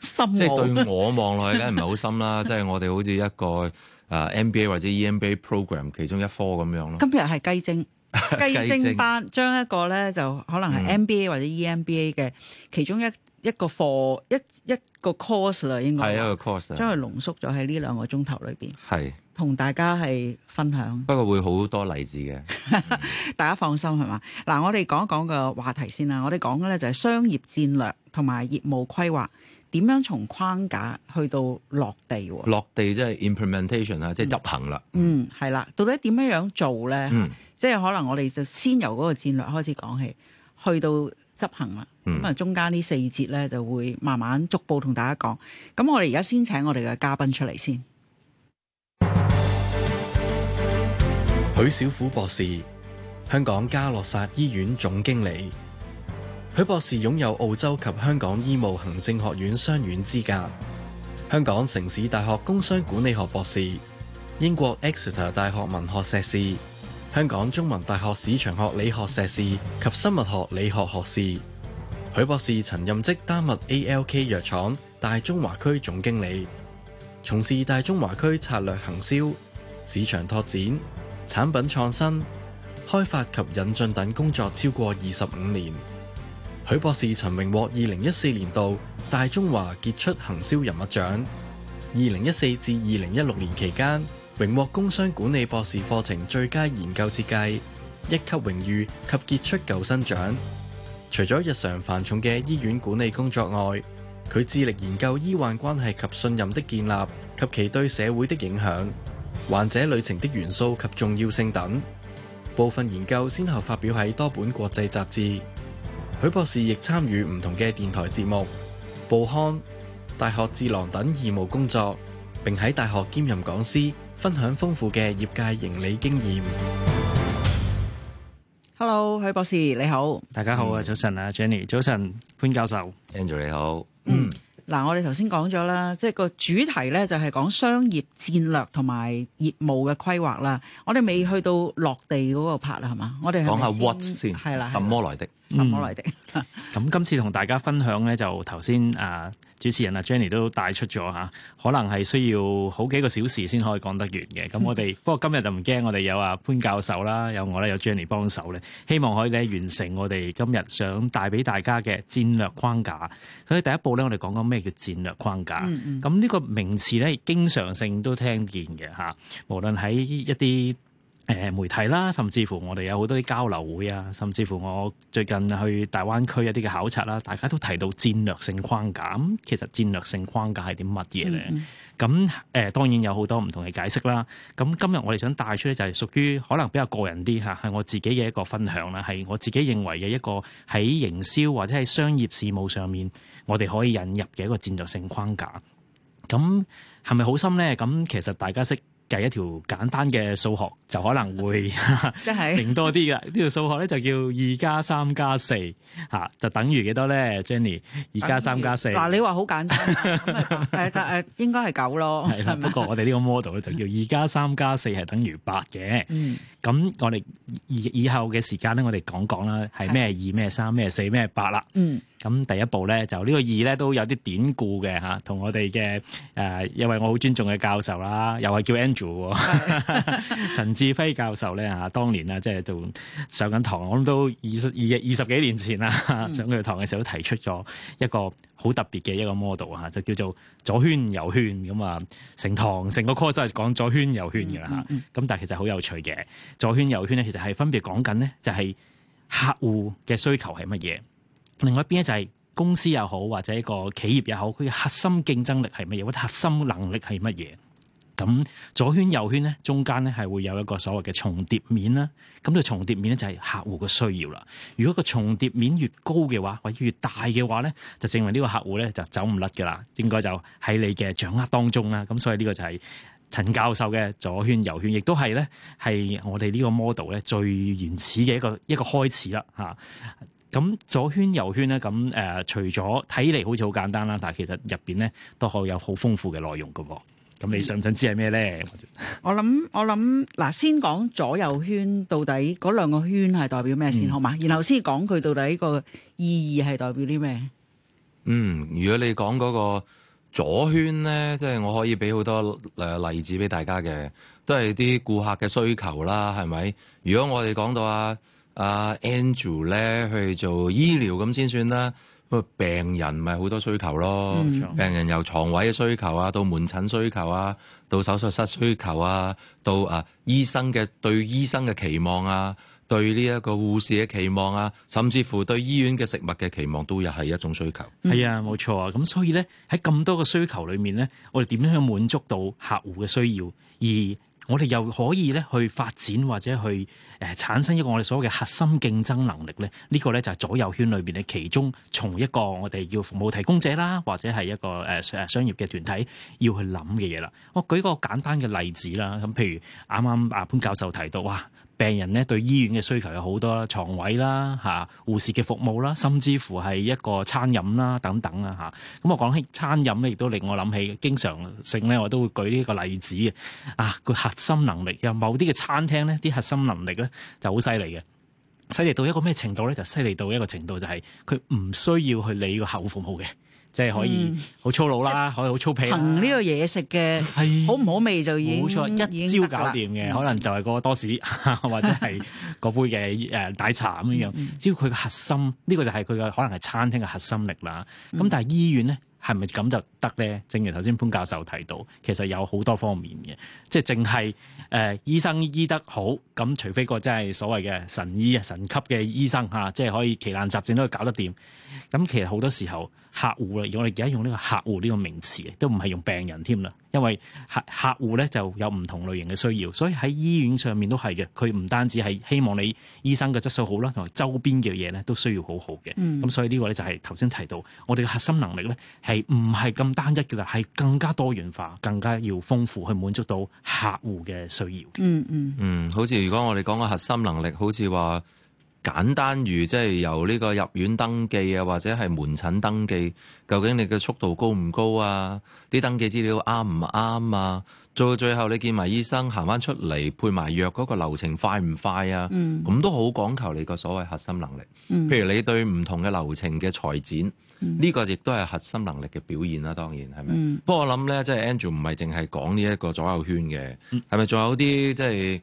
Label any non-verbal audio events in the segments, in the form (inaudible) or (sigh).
即係對我望落去咧，唔係好深啦。即係我哋好似一個誒 MBA 或者 EMBA program 其中一科咁樣咯。今日係雞精雞精班，將一個咧就可能係 MBA 或者 EMBA 嘅其中一一個課一一個 course 啦，應該係一個 course，將佢濃縮咗喺呢兩個鐘頭裏邊，係同大家係分享。不過會好多例子嘅，大家放心係嘛。嗱，我哋講一講個話題先啦。我哋講嘅咧就係商業戰略同埋業務規劃。點樣從框架去到落地？落地即係 implementation 啦、嗯，即係執行啦。嗯，係啦。到底點樣樣做咧？嗯、即係可能我哋就先由嗰個戰略開始講起，去到執行啦。咁啊、嗯，中間呢四節咧就會慢慢逐步同大家講。咁我哋而家先請我哋嘅嘉賓出嚟先。許小虎博士，香港嘉諾撒醫院總經理。許博士擁有澳洲及香港醫務行政學院雙院資格，香港城市大學工商管理學博士，英國 Exeter 大學文學碩士，香港中文大學市場學理學碩士及生物學理學學士。許博士曾任職丹麥 ALK 藥廠大中華區總經理，從事大中華區策略行銷、市場拓展、產品創新、開發及引進等工作超過二十五年。許博士曾榮獲二零一四年度大中華傑出行銷人物獎。二零一四至二零一六年期間，榮獲工商管理博士課程最佳研究設計、一級榮譽及傑出舊生獎。除咗日常繁重嘅醫院管理工作外，佢致力研究醫患關係及信任的建立及其對社會的影響、患者旅程的元素及重要性等。部分研究先後發表喺多本國際雜誌。許博士亦參與唔同嘅電台節目、報刊、大學智囊等義務工作，並喺大學兼任講師，分享豐富嘅業界盈利經驗。Hello，許博士你好，大家好啊，早晨啊，Jenny，早晨潘教授，Andrew 你好，嗯。嗱，我哋頭先講咗啦，即係個主題咧就係講商業戰略同埋業務嘅規劃啦。我哋未去到落地嗰個拍啦，係嘛？我哋講下 what 先，係啦，係啦，什麼來的？嗯、什麼來的？咁 (laughs) 今次同大家分享咧，就頭先啊。主持人啊，Jenny 都帶出咗吓，可能係需要好幾個小時先可以講得完嘅。咁我哋不過今日就唔驚，我哋有阿潘教授啦，有我咧，有 Jenny 幫手咧，希望可以咧完成我哋今日想帶俾大家嘅戰略框架。所以第一步咧，我哋講講咩叫戰略框架。咁呢個名詞咧，經常性都聽見嘅吓，無論喺一啲。誒媒體啦，甚至乎我哋有好多啲交流會啊，甚至乎我最近去大灣區一啲嘅考察啦，大家都提到戰略性框架。咁其實戰略性框架係啲乜嘢咧？咁誒、嗯嗯呃、當然有好多唔同嘅解釋啦。咁今日我哋想帶出咧就係屬於可能比較個人啲吓，係我自己嘅一個分享啦，係我自己認為嘅一個喺營銷或者係商業事務上面，我哋可以引入嘅一個戰略性框架。咁係咪好深咧？咁其實大家識計一條簡單嘅數學，就可能會零、 (laughs) 就是、多啲嘅呢條數學咧，就叫二加三加四嚇，4, (laughs) 就等於幾多咧？Jenny，二加三加四嗱，你話好簡單， (laughs) 但誒，應該係九咯。係啦吧， (laughs) 不過我哋呢個 model 咧就叫二加三加四係等於八嘅。嗯，咁我哋以以後嘅時間咧，我哋講講啦，係咩二咩三咩四咩八啦。 (laughs) 嗯。咁第一步咧，就個呢個二咧都有啲典故嘅吓，同我哋嘅、誒、因、呃、位我好尊重嘅教授啦，又係叫 Andrew 陳 (laughs) 志輝教授咧吓，當年啊，即係做上緊堂，我諗都二十二二十幾年前啦，上佢堂嘅時候，都提出咗一個好特別嘅一個 model 啊，就叫做左圈右圈咁。啊，成堂成個 course 都係講左圈右圈嘅啦吓。咁、嗯嗯嗯、但係其實好有趣嘅，左圈右圈咧，其實係分別講緊呢，就係客戶嘅需求係乜嘢。另外一邊咧就係公司又好或者一個企業又好，佢核心競爭力係乜嘢？核心能力係乜嘢？咁左圈右圈咧，中間咧係會有一個所謂嘅重疊面啦。咁呢個重疊面咧就係客戶嘅需要啦。如果個重疊面越高嘅話，或越大嘅話咧，就證明呢個客戶咧就走唔甩噶啦。應該就喺你嘅掌握當中啦。咁所以呢個就係陳教授嘅左圈右圈，亦都係咧係我哋呢個 model 咧最原始嘅一個一個開始啦。嚇！咁左圈右圈咧，咁、呃、誒，除咗睇嚟好似好簡單啦，但係其實入邊咧都可有好豐富嘅內容噶噃。咁你想唔想知係咩咧？我諗我諗，嗱，先講左右圈到底嗰兩個圈係代表咩先，好嘛？嗯、然後先講佢到底個意義係代表啲咩？嗯，如果你講嗰個左圈咧，即係我可以俾好多誒例子俾大家嘅，都係啲顧客嘅需求啦，係咪？如果我哋講到啊。阿 Andrew 咧去做醫療咁先算啦，咁病人咪好多需求咯。嗯、病人由床位嘅需求啊，到門診需求啊，到手術室需求啊，到啊醫生嘅對醫生嘅期望啊，對呢一個護士嘅期望啊，甚至乎對醫院嘅食物嘅期望，都又係一種需求。係、嗯、啊，冇錯啊。咁所以咧喺咁多個需求裏面咧，我哋點樣去滿足到客戶嘅需要而，我哋又可以咧去發展或者去誒產生一個我哋所謂嘅核心競爭能力咧，呢個咧就係左右圈裏邊嘅其中從一個我哋叫服務提供者啦，或者係一個誒誒商業嘅團體要去諗嘅嘢啦。我舉個簡單嘅例子啦，咁譬如啱啱阿潘教授提到啊。病人咧對醫院嘅需求有好多啦，牀位啦，嚇，護士嘅服務啦，甚至乎係一個餐飲啦等等啊，嚇。咁我講起餐飲咧，亦都令我諗起經常性咧，我都會舉呢個例子啊，個核心能力有某啲嘅餐廳咧，啲核心能力咧就好犀利嘅，犀利到一個咩程度咧？就犀利到一個程度就係佢唔需要去理個客戶服務嘅。即係可以好粗魯啦，嗯、可以粗是好粗皮啦。憑呢個嘢食嘅，好唔好味就已經冇錯，一招搞掂嘅。嗯、可能就係個多士，嗯、或者係嗰杯嘅誒奶茶咁樣。嗯、只要佢嘅核心，呢、嗯、個就係佢嘅可能係餐廳嘅核心力啦。咁、嗯、但係醫院咧，係咪咁就得咧？正如頭先潘教授提到，其實有好多方面嘅，即係淨係誒醫生醫得好。咁除非個真係所謂嘅神醫啊、神級嘅醫生嚇，即係可以奇難雜症都可以搞得掂。咁其實好多時候。客戶啦，我哋而家用呢個客戶呢個名詞，都唔係用病人添啦，因為客客戶咧就有唔同類型嘅需要，所以喺醫院上面都係嘅，佢唔單止係希望你醫生嘅質素好啦，同埋周邊嘅嘢咧都需要好好嘅。咁、嗯、所以呢個咧就係頭先提到，我哋嘅核心能力咧係唔係咁單一嘅啦，係更加多元化，更加要豐富去滿足到客戶嘅需要。嗯嗯嗯，好似如果我哋講個核心能力，好似話。簡單如即係由呢個入院登記啊，或者係門診登記，究竟你嘅速度高唔高啊？啲登記資料啱唔啱啊？做到最後你見埋醫生行返出嚟配埋藥嗰、那個流程快唔快啊？咁、嗯、都好講求你個所謂核心能力。嗯、譬如你對唔同嘅流程嘅裁剪，呢、嗯、個亦都係核心能力嘅表現啦、啊。當然係咪？嗯、不過我諗咧，即係 Angie 唔係淨係講呢一個左右圈嘅，係咪？仲有啲，即係，就是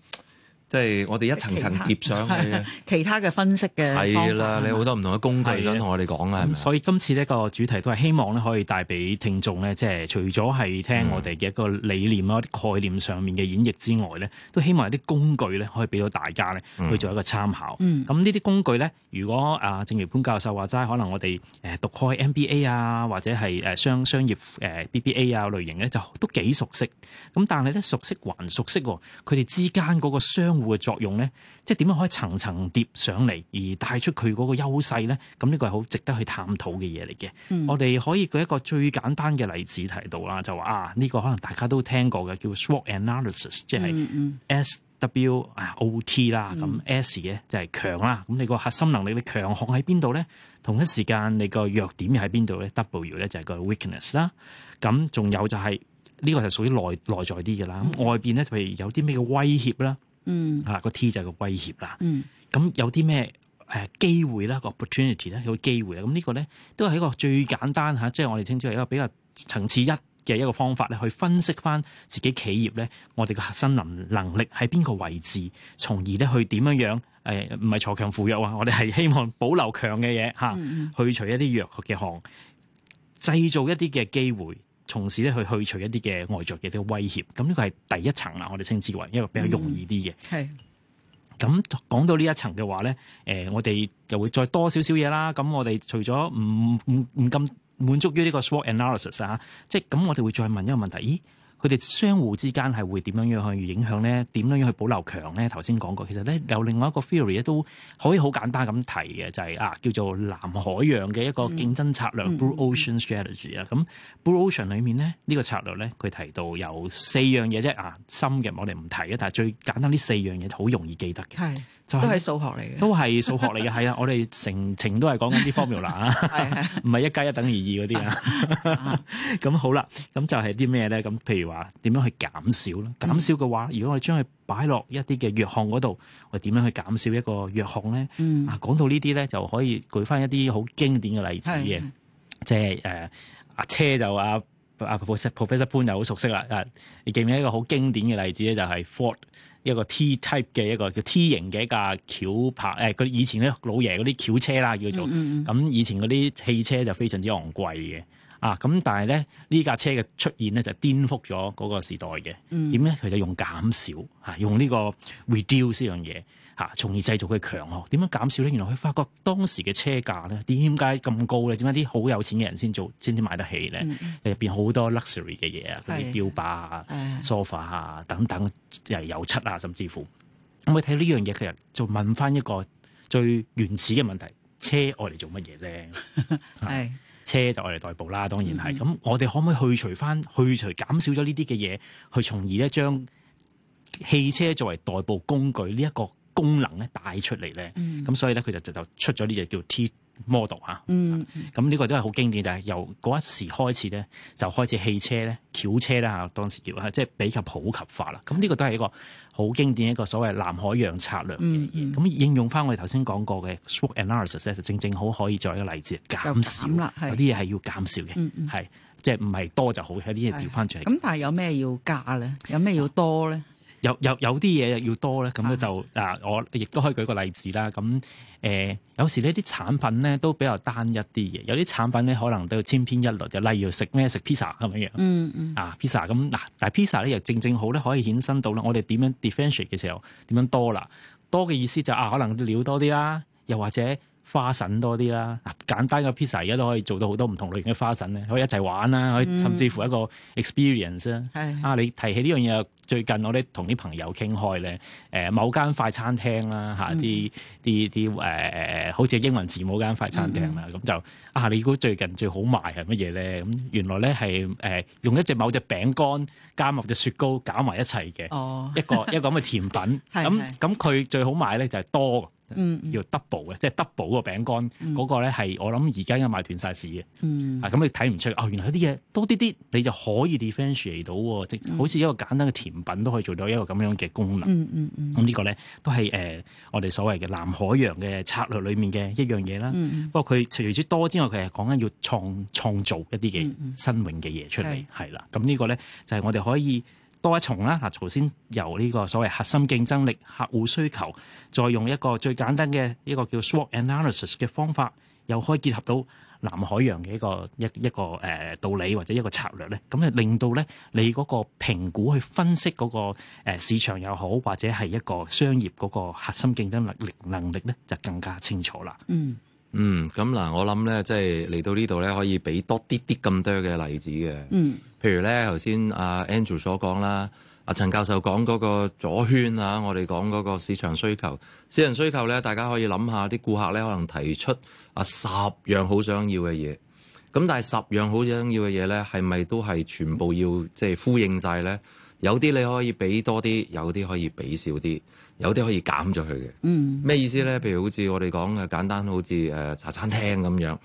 即係我哋一層層疊上去， (laughs) 其他嘅分析嘅係啦，你好多唔同嘅工具的想同我哋講啊，所以今次呢個主題都係希望咧，可以帶俾聽眾咧，即、就、係、是、除咗係聽我哋嘅一個理念啊啲、嗯、概念上面嘅演繹之外咧，都希望有啲工具咧，可以俾到大家咧去做一個參考。咁呢啲工具咧，如果啊，正如潘教授話齋，可能我哋誒讀開 MBA 啊，或者係誒商商業誒 BBA 啊類型咧，就都幾熟悉。咁但係咧熟悉還熟悉，佢哋之間個個商嘅作用咧，即係點樣可以層層疊上嚟，而帶出佢嗰個優勢咧？咁、這、呢個係好值得去探討嘅嘢嚟嘅。嗯、我哋可以舉一個最簡單嘅例子提到啦，就話啊，呢、這個可能大家都聽過嘅叫 SWOT Analysis，即係 S W O T 啦、嗯。咁 S 嘅就係強啦，咁你個核心能力你強項喺邊度咧？同一時間你個弱點喺邊度咧？W 咧就係個 weakness 啦。咁仲有就係、是、呢、這個就屬於內內在啲嘅啦。咁外邊咧，譬如有啲咩嘅威脅啦。嗯，嚇個 T 就係個威脅啦。嗯，咁有啲咩誒機會咧？個 opportunity 咧，有機會啦。咁呢個咧都係一個最簡單嚇，即係我哋稱之為一個比較層次一嘅一個方法咧，去分析翻自己企業咧，我哋嘅核心能能力喺邊個位置，從而咧去點樣樣誒？唔係鋤強扶弱啊！我哋係希望保留強嘅嘢嚇，去除一啲弱嘅行，製造一啲嘅機會。從此咧去去除一啲嘅外在嘅啲威脅，咁呢個係第一層啦，我哋稱之為一個比較容易啲嘅。係、嗯，咁講到呢一層嘅話咧，誒、呃，我哋又會再多少少嘢啦。咁我哋除咗唔唔唔咁滿足於呢個 SWOT analysis 啊，即係咁，我哋會再問一個問題。咦佢哋相互之間係會點樣樣去影響咧？點樣樣去保留強咧？頭先講過，其實咧有另外一個 theory 咧都可以好簡單咁提嘅，就係、是、啊叫做藍海洋嘅一個競爭策略、嗯、（Blue Ocean Strategy） 啊。咁、嗯嗯、Blue Ocean 裡面咧呢、呢個策略咧，佢提到有四樣嘢啫啊，深嘅我哋唔提啊，但係最簡單呢四樣嘢好容易記得嘅。就是、都係數學嚟嘅，都係數學嚟嘅，係啊！ (laughs) 我哋成程都係講緊啲 formula 啊，唔係 (laughs) 的一加一等二二嗰啲啊。咁 (laughs) 好啦，咁就係啲咩咧？咁譬如話點樣去減少咧？減少嘅話，如果我哋將佢擺落一啲嘅弱項嗰度，我點樣去減少一個弱項咧？嗯、啊，講到呢啲咧，就可以舉翻一啲好經典嘅例子嘅，即係誒阿車就阿阿、啊啊、Prof. Professor 潘就好熟悉啦。啊，你記唔記得一個好經典嘅例子咧？就係、是、Ford。一個 T type 嘅一個叫 T 型嘅一架轎牌，誒、欸、佢以前咧老爺嗰啲轎車啦叫做，咁以前嗰啲汽車就非常之昂貴嘅。啊咁但係咧呢架車嘅出現咧就顛覆咗嗰個時代嘅，點咧？佢就用減少嚇、啊，用呢個 reduce 呢樣嘢。嚇，從而製造佢強哦。點樣減少咧？原來佢發覺當時嘅車價咧，點解咁高咧？點解啲好有錢嘅人先做先至買得起咧？入邊好多 luxury 嘅嘢啊，啲是標靶啊、sofa 啊唉等等，誒油漆啊，甚至乎。嗯、我睇呢樣嘢其實就問翻一個最原始嘅問題：車愛嚟做乜嘢咧？係 (laughs) 是車就愛嚟代步啦，當然係。咁、嗯、我哋可唔可以去除翻、去除減少咗呢啲嘅嘢，去從而咧將汽車作為代步工具呢一、這個，功能咧帶出嚟咧，咁所以咧佢就就就出咗呢隻叫 T model 嚇，咁呢個都係好經典。就係由嗰一時開始咧，就開始汽車咧，轎車啦嚇，當時叫，即係比較普及化啦。咁呢個都係一個好經典一個所謂藍海洋策略嘅。咁應用翻我哋頭先講過嘅 SWOT analysis 咧，就正正好可以作為一個例子，減少有啲嘢係要減少嘅，係即係唔係多就好嘅，啲嘢調翻轉。咁但係有咩要加咧？有咩要多咧？有有有啲嘢要多咧，咁咧就嗱、嗯啊，我亦都可以舉個例子啦。咁誒、呃，有時呢啲產品咧都比較單一啲嘅，有啲產品咧可能都要千篇一律嘅，例如食咩食 pizza 咁樣樣，嗯嗯，啊 pizza 咁嗱，但係 pizza 咧又正正好咧可以衍生到啦，我哋點樣 different 嘅時候點樣多啦？多嘅意思就是、啊，可能料多啲啦，又或者。花神多啲啦，嗱簡單嘅 pizza 而家都可以做到好多唔同類型嘅花神咧，可以一齊玩啦，可以甚至乎一個 experience 啊！嗯、啊，你提起呢樣嘢，最近我哋同啲朋友傾開咧，誒、呃、某間快餐廳啦嚇，啲啲啲誒誒，好似英文字母間快餐廳啦，咁、嗯、就啊，你估最近最好賣係乜嘢咧？咁原來咧係誒用一隻某隻餅乾加埋隻雪糕攪埋一齊嘅、哦 (laughs) 的，一個一個咁嘅甜品。咁咁佢最好賣咧就係多。嗯，叫 double 嘅，即係 double 個餅乾，嗰個咧係我諗而家應該賣斷晒市嘅。嗯，啊，咁你睇唔出？哦，原來有啲嘢多啲啲，你就可以 differentiate 到，即好似一個簡單嘅甜品都可以做到一個咁樣嘅功能。嗯嗯嗯。咁、嗯嗯、呢個咧都係誒、呃，我哋所謂嘅藍海洋嘅策略裏面嘅一樣嘢啦。嗯嗯、不過佢除咗多之外，佢係講緊要創創造一啲嘅新穎嘅嘢出嚟，係啦、嗯。咁、嗯嗯嗯、是呢個咧就係、是、我哋可以。多重啦，啊，頭先由呢個所謂核心競爭力、客戶需求，再用一個最簡單嘅一個叫 SWOT analysis 嘅方法，又可以結合到藍海洋嘅一個一一個誒道理或者一個策略咧，咁就令到咧你嗰個評估去分析嗰個市場又好，或者係一個商業嗰個核心競爭能力能力咧，就更加清楚啦。嗯。嗯，咁嗱，我諗咧，即係嚟到呢度咧，可以俾多啲啲咁多嘅例子嘅。嗯，譬如咧，頭先阿 Andrew 所講啦，阿陳教授講嗰個左圈啊，我哋講嗰個市場需求、私人需求咧，大家可以諗下，啲顧客咧可能提出啊十樣好想要嘅嘢，咁但係十樣好想要嘅嘢咧，係咪都係全部要即係、就是、呼應晒咧？有啲你可以俾多啲，有啲可以俾少啲。有啲可以減咗佢嘅，咩、嗯、意思咧？譬如好似我哋講嘅簡單，好似誒茶餐廳咁樣，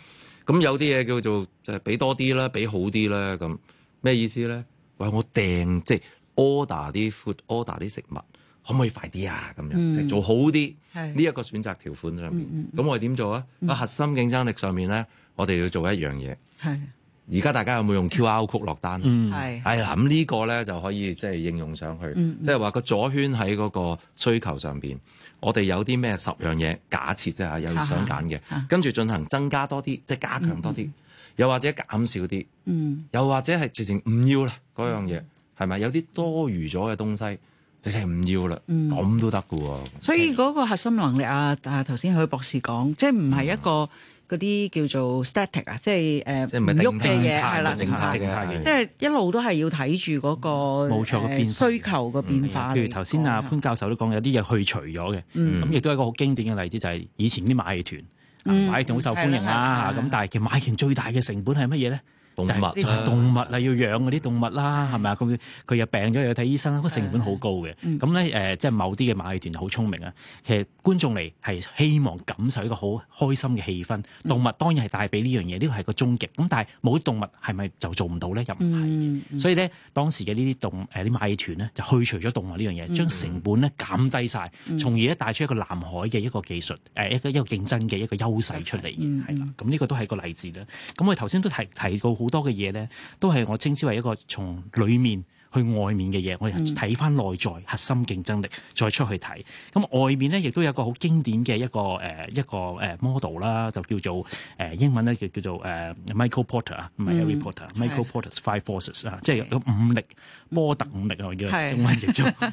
咁有啲嘢叫做就係、是、俾多啲啦，俾好啲啦，咁咩意思咧？喂，我訂即係、就是、order 啲 food，order 啲食物，可唔可以快啲啊？咁樣即係、嗯、做好啲呢一是個選擇條款上面，咁、嗯嗯、我哋點做啊？喺、嗯、核心競爭力上面咧，我哋要做一樣嘢。而家大家有冇用 QR Code 落單？係，哎呀，咁呢個咧就可以即係應用上去，即係話個咗圈喺嗰個需求上邊，我哋有啲咩十樣嘢假設即係，有想揀嘅，跟住進行增加多啲，即係加強多啲，又或者減少啲，又或者係直情唔要啦嗰樣嘢，係咪有啲多餘咗嘅東西，直情唔要啦，咁都得嘅喎。所以嗰個核心能力啊，啊頭先許博士講，即係唔係一個。嗰啲叫做 static 啊，呃、即係誒唔喐嘅嘢係啦，即係一路都係要睇住嗰個、嗯、冇錯、呃、需求嘅變化。嗯、譬如頭先阿潘教授都講，有啲嘢去除咗嘅，咁、嗯、亦都係一個好經典嘅例子，就係、係、以前啲馬戲團，馬戲團好受歡迎啦，咁、嗯啊、但係其實馬戲團最大嘅成本係乜嘢咧？動物就係動物啊！要養嗰啲動物啦，係咪啊？佢佢又病咗，又要睇醫生，個成本好高嘅。咁咧誒，即係某啲嘅馬戲團好聰明啊！其實觀眾嚟係希望感受一個好開心嘅氣氛，動物當然係帶俾呢樣嘢，呢個係個終極。咁但係冇動物係咪就做唔到咧？又唔係。嗯嗯、所以咧，當時嘅呢啲動誒啲馬戲團咧，就去除咗動物呢樣嘢，將成本咧減低晒，從而咧帶出一個藍海嘅一個技術，誒、呃、一個一個競爭嘅一個優勢出嚟嘅，係啦。咁呢個都係個例子啦。咁我頭先都提提高。提好多嘅嘢咧，都係我稱之為一個從裡面去外面嘅嘢。我係睇翻內在核心競爭力，再出去睇。咁外面咧，亦都有一個好經典嘅一個誒一個誒 model 啦，就叫做誒英文咧叫叫做誒 Michael Porter 啊，唔係 Harry Porter，嗯。Michael Porter's Five Forces 啊的，即係五力波特五力啊，我叫中文譯做。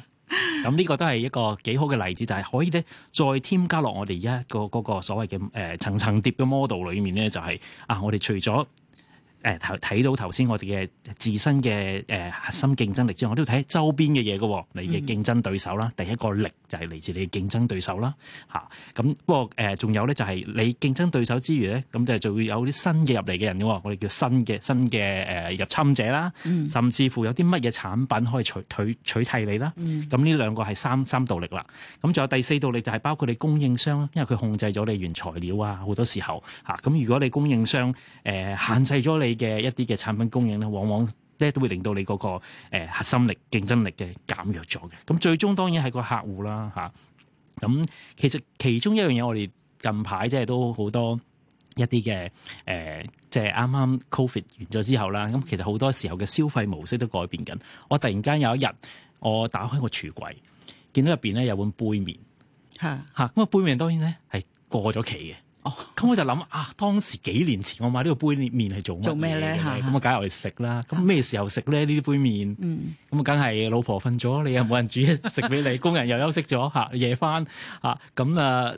咁 (laughs) 呢個都係一個幾好嘅例子，就係、是、可以咧再添加落我哋而家個嗰個所謂嘅誒層層疊嘅 model 裏面咧，就係啊，我哋除咗。誒睇睇到頭先我哋嘅自身嘅誒核心競爭力之外，我都要睇周邊嘅嘢嘅你嘅競爭對手啦。第一個力就係嚟自你嘅競爭對手啦。嚇，咁不過誒仲有咧，就係你競爭對手之餘咧，咁就係就會有啲新嘅入嚟嘅人嘅喎。我哋叫新嘅新嘅誒入侵者啦，mm. 甚至乎有啲乜嘢產品可以取取，取替你啦。咁呢兩個係三三道力啦。咁仲有第四道力就係包括你供應商啦，因為佢控制咗你原材料啊，好多時候嚇。咁如果你供應商誒限制咗你。Mm. 你嘅一啲嘅產品供應咧，往往咧都會令到你嗰個核心力競爭力嘅減弱咗嘅。咁最終當然係個客戶啦，嚇。咁其實其中一樣嘢，我哋近排即係都好多一啲嘅誒，即係啱啱 Covid 完咗之後啦。咁其實好多時候嘅消費模式都改變緊。我突然間有一日，我打開個櫥櫃，見到入邊咧有碗杯麵，嚇嚇的。咁個杯麵當然咧係過咗期嘅。咁、哦、我就諗啊，當時幾年前我買呢個杯麵係做咩嘢嘅？咁啊，梗係食啦。咁咩時候食咧？呢啲杯麵，咁啊，梗係老婆瞓咗，你又冇人煮嘢食俾你， (laughs) 工人又休息咗，吓夜翻，吓咁啊，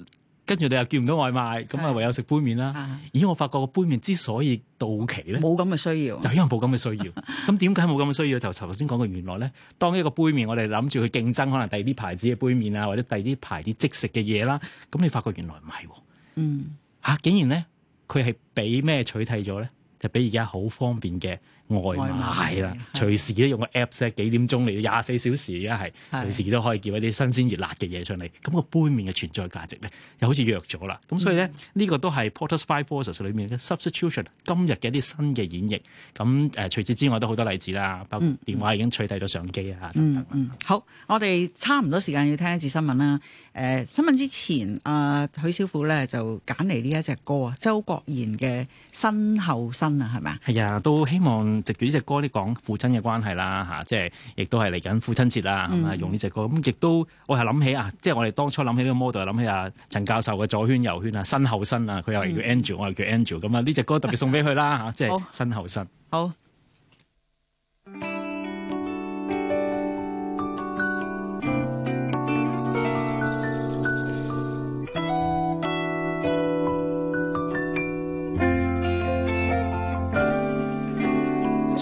跟住、啊啊、你又叫唔到外賣，咁啊，唯有食杯麵啦。咦， (laughs) 我發覺個杯麵之所以到期咧，冇咁嘅需要，就因為冇咁嘅需要。咁點解冇咁嘅需要？頭頭先講過原來咧，當一個杯麵，我哋諗住去競爭，可能第二啲牌子嘅杯麵啊，或者第二啲牌子即食嘅嘢啦，咁你發覺原來唔係，嗯。吓、啊！竟然咧，佢係俾咩取替咗咧？就俾而家好方便嘅，外賣啦，賣隨時咧用個 app，即係幾點鐘嚟，廿四小時而家係，是的 隨時都可以叫一啲新鮮熱辣嘅嘢上嚟。咁個杯麵嘅存在價值咧，又好似弱咗啦。咁所以咧，呢、嗯、個都係 Porter Five Forces 裏面嘅 substitution。今日嘅一啲新嘅演繹。咁誒，除此之外都好多例子啦，包括電話已經取替咗相機啊等等。好，我哋差唔多時間要聽一節新聞啦。誒、呃，新聞之前，阿、呃、許小虎咧就揀嚟呢一隻歌啊，周國賢嘅身後身啊，係咪啊？係啊，都希望。嗯籍住呢隻歌啲講父親嘅關係啦吓，即係亦都係嚟緊父親節啦，咁啊、嗯、用呢隻歌，咁亦都我係諗起啊，即係我哋當初諗起呢個 model，諗起啊陳教授嘅左圈右圈啊，身後身啊，佢又係叫 Andrew、嗯、我又叫 Andrew，咁啊呢隻歌特別送俾佢啦吓， (laughs) 即係身後身。好。好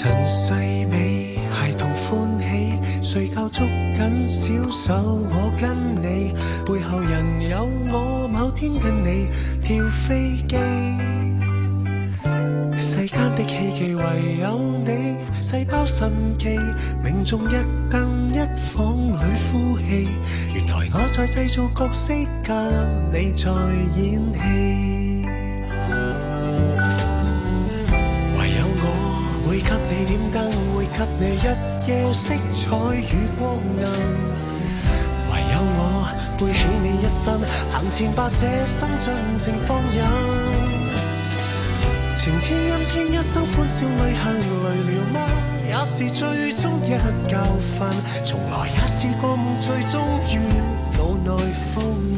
塵世美，孩童歡喜，睡覺捉緊小手，我跟你，背後人有我，某天跟你跳飛機。世間的希冀唯有你，細胞神奇，命中一燈一房裏呼氣，原來我在製造角色，跟你在演戲。會給你點燈，會給你一夜色彩與光暗。唯有我背起你一生，行前把這生盡情放任。晴天陰天，一生歡笑淚痕，累了嗎？也是最終一教訓。從來也試過夢，最終於腦內封印。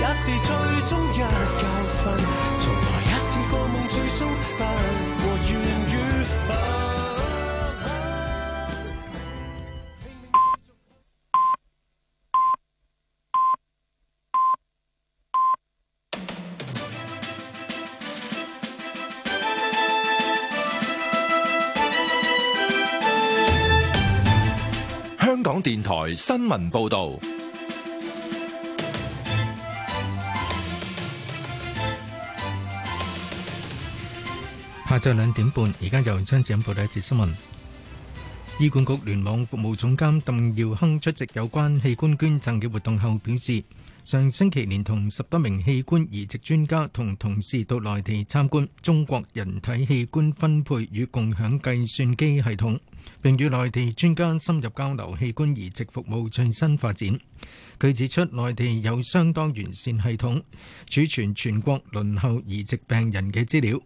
也是最終一覺瞓，從來也是個夢，香港電台新聞報道。下晝兩點半，而家由張展恩報道第一節新聞。醫管局聯網服務總監鄧耀亨出席有關器官捐贈嘅活動後表示，上星期連同十多名器官移植專家同同事到內地參觀中國人體器官分配與共享計算機系統，並與內地專家深入交流器官移植服務最新發展。佢指出，內地有相當完善系統，儲存全國輪候移植病人嘅資料。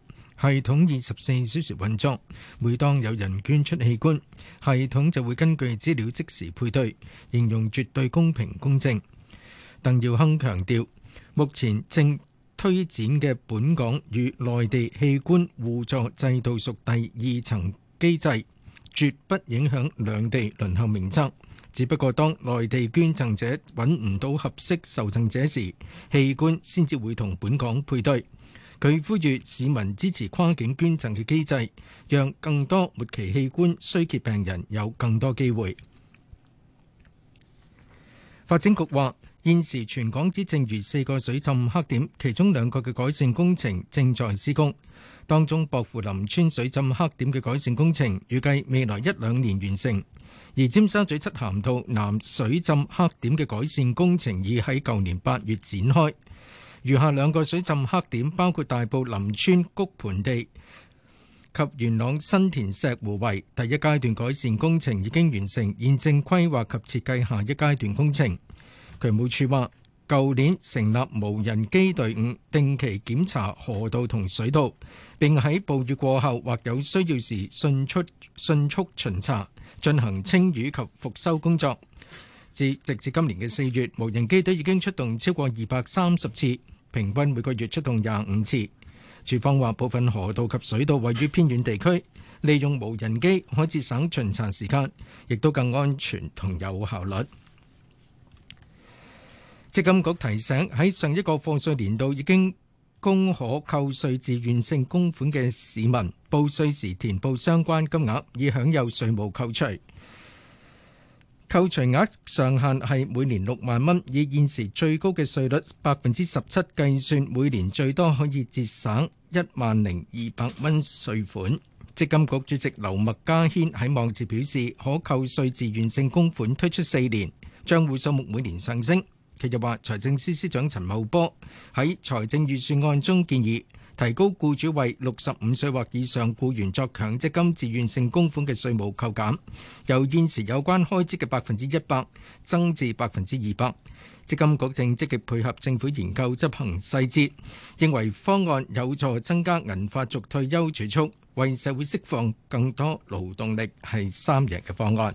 系統二十四小時運作，每當有人捐出器官，系統就會根據資料即時配對，形容絕對公平公正。鄧耀亨強調，目前正推展嘅本港與內地器官互助制度屬第二層機制，絕不影響兩地輪候名冊。只不過當內地捐贈者揾唔到合適受贈者時，器官先至會同本港配對。佢呼籲市民支持跨境捐贈嘅機制，讓更多末期器官衰竭病人有更多機會。發展局話，現時全港只剩餘四個水浸黑點，其中兩個嘅改善工程正在施工，當中薄扶林村水浸黑點嘅改善工程預計未來一兩年完成，而尖沙咀漆咸道南水浸黑點嘅改善工程已喺舊年八月展開。餘下兩個水浸黑點，包括大埔林村谷盆地及元朗新田石湖圍。第一階段改善工程已經完成，現正規劃及設計下一階段工程。渠務署話，舊年成立無人機隊伍，定期檢查河道同水道，並喺暴雨過後或有需要時迅速迅速巡查，進行清淤及復修工作。至直至今年嘅四月，無人機隊已經出動超過二百三十次。平均每個月出動廿五次。署方話，部分河道及水道位於偏遠地區，利用無人機可節省巡查時間，亦都更安全同有效率。積金局提醒，喺上一個課稅年度已經供可扣稅自願性供款嘅市民，報稅時填報相關金額，以享有稅務扣除。扣除額上限係每年六萬蚊，以現時最高嘅稅率百分之十七計算，每年最多可以節省一萬零二百蚊稅款。積金局主席劉麥嘉軒喺網誌表示，可扣稅自願性供款推出四年，帳戶數目每年上升。佢就話，財政司司長陳茂波喺財政預算案中建議。提高僱主為六十五歲或以上僱員作強積金自願性供款嘅稅務扣減，由現時有關開支嘅百分之一百，增至百分之二百。積金局正積極配合政府研究執行細節，認為方案有助增加銀髮族退休儲蓄，為社會釋放更多勞動力係三贏嘅方案。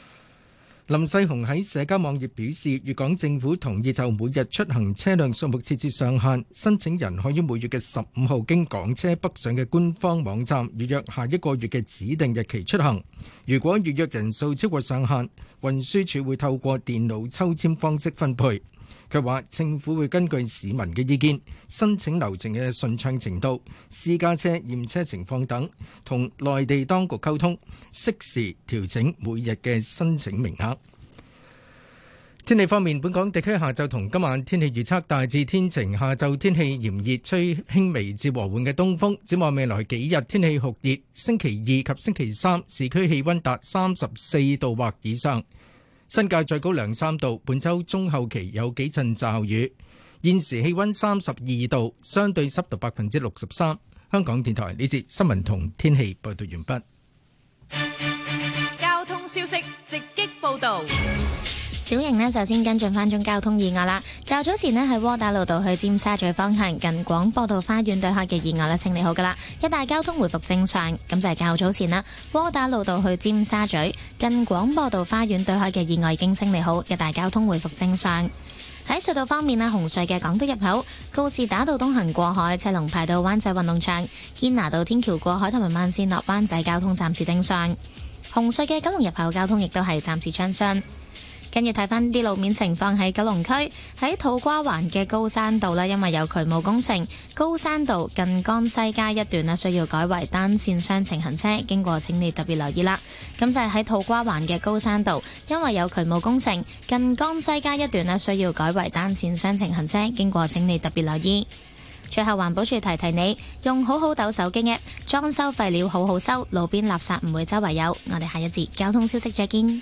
林世雄喺社交網頁表示，粵港政府同意就每日出行車輛數目設置上限，申請人可以每月嘅十五號經港車北上嘅官方網站預約下一個月嘅指定日期出行。如果預約人數超過上限，運輸署會透過電腦抽簽方式分配。佢話：政府會根據市民嘅意見、申請流程嘅順暢程度、私家車驗車情況等，同內地當局溝通，適時調整每日嘅申請名額。天氣方面，本港地區下晝同今晚天氣預測大致天晴，下晝天氣炎熱，吹輕微至和緩嘅東風。展望未來幾日天氣酷熱，星期二及星期三市區氣溫達三十四度或以上。新界最高兩三度，本周中後期有幾陣驟雨。現時氣溫三十二度，相對濕度百分之六十三。香港電台呢節新聞同天氣報道完畢。交通消息直擊報道。小型呢就先跟進返宗交通意外啦。較早前呢，喺窩打路道去尖沙咀方向近廣播道花園對開嘅意外呢，清理好噶啦，一大交通回復正常。咁就係較早前啦，窩打路道去尖沙咀近廣播道花園對開嘅意外已經清理好，一大交通回復正常。喺隧道方面呢，紅隧嘅港島入口告士打道東行過海、赤龍排到灣仔運動場、堅拿道天橋過海同埋慢線落灣仔交通暫時正常。紅隧嘅九龍入口交通亦都係暫時暢順。跟住睇翻啲路面情況，喺九龍區，喺土瓜灣嘅高山道啦，因為有渠務工程，高山道近江西街一段呢，需要改為單線雙程行車，經過請你特別留意啦。咁就係喺土瓜灣嘅高山道，因為有渠務工程，近江西街一段呢，需要改為單線雙程行車，經過請你特別留意。最後，環保處提，提提你用好好抖手機 Apps，裝修廢料好好收，路邊垃圾唔會周圍有。我哋下一節交通消息再見。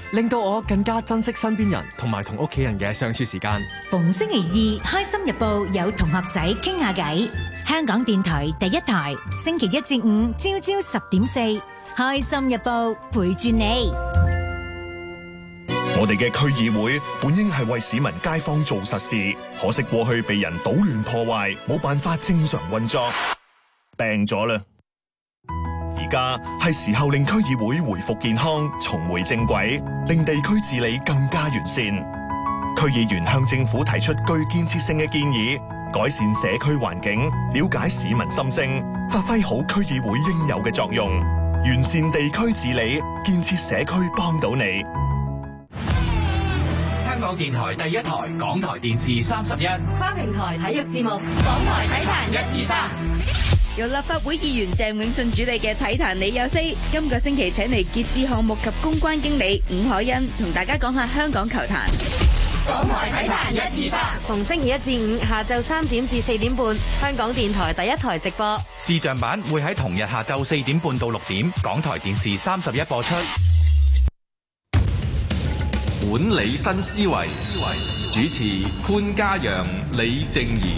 令到我更加珍惜身邊人同埋同屋企人嘅相處時間。逢星期二，開心日報有同學仔傾下偈。香港電台第一台，星期一至五朝朝十點四，開心日報陪住你。我哋嘅區議會本應係為市民街坊做實事，可惜過去被人搗亂破壞，冇辦法正常運作，病咗啦。而家係時候令區議會回復健康，重回正軌，令地區治理更加完善。區議員向政府提出具建設性嘅建議，改善社區環境，了解市民心聲，發揮好區議會應有嘅作用，完善地區治理，建設社區，幫到你。電台第一台，港台電視三十一，跨平台體育節目，港台體壇一二三，由立法會議員鄭永信主理嘅體壇李有思，今個星期請嚟傑志項目及公關經理伍海欣，同大家講下香港球壇。港台體壇一二三，逢星期一至五下晝三點至四點半，香港電台第一台直播，視像版會喺同日下晝四點半到六點，港台電視三十一播出。管理新思維，主持潘嘉陽、李靜宜。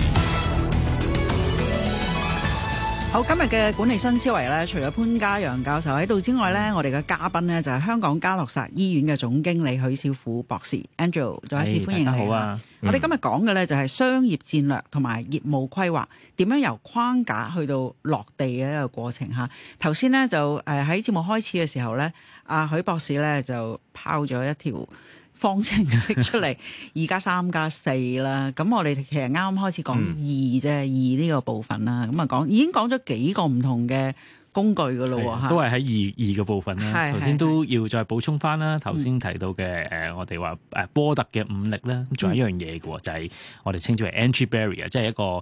好，今日嘅管理新思維咧，除咗潘嘉陽教授喺度之外咧，我哋嘅嘉賓咧就係、是、香港嘉諾撒醫院嘅總經理許小虎博士 Andrew, Andrew，再一次歡迎你，好啊，嗯、我哋今日講嘅咧就係商業戰略同埋業務規劃，點樣由框架去到落地嘅一個過程吓。頭先咧就誒喺節目開始嘅時候咧，阿許博士咧就拋咗一條。方程式出嚟，二加三加四啦。咁我哋其實啱啱開始講、嗯、二啫，二呢個部分啦。咁啊，講已經講咗幾個唔同嘅。工具嘅咯，都係喺二二嘅部分啦。頭先都要再補充翻啦。頭先提到嘅誒，我哋話誒波特嘅五力咧，仲有一樣嘢嘅，就係我哋稱之為 entry barrier，即係一個誒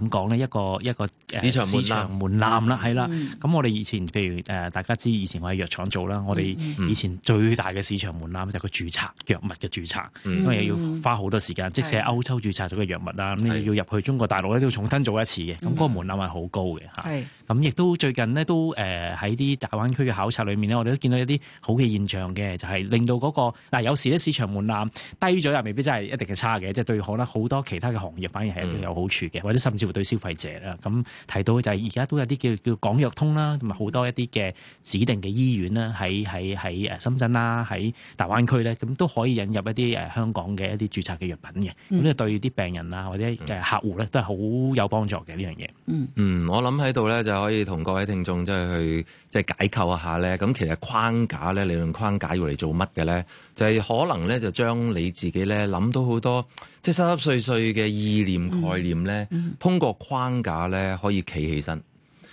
點講咧，一個一個市場門檻啦，係啦。咁我哋以前譬如誒，大家知以前我喺藥廠做啦，我哋以前最大嘅市場門檻就係個註冊藥物嘅註冊，因為又要花好多時間，即使喺歐洲註冊咗嘅藥物啦，咁你要入去中國大陸咧都要重新做一次嘅，咁嗰個門檻係好高嘅嚇。咁亦都最近呢，都誒喺啲大灣區嘅考察裏面咧，我哋都見到一啲好嘅現象嘅，就係、是、令到嗰、那個嗱、啊、有時咧市場門檻低咗又未必真係一定嘅差嘅，即、就、係、是、對好啦好多其他嘅行業反而係一定有好處嘅，嗯、或者甚至乎對消費者啦，咁、嗯、提到就係而家都有啲叫叫港藥通啦，同埋好多一啲嘅指定嘅醫院啦，喺喺喺誒深圳啦，喺大灣區咧，咁都可以引入一啲誒香港嘅一啲註冊嘅藥品嘅，咁啊、嗯、對啲病人啊或者誒客戶咧都係好有幫助嘅呢樣嘢。嗯，嗯，嗯我諗喺度咧就。可以同各位聽眾即係去即係解構一下咧，咁其實框架咧理論框架要嚟做乜嘅咧，就係可能咧就將你自己咧諗到好多即係濕濕碎碎嘅意念概念咧，通過框架咧可以企起身。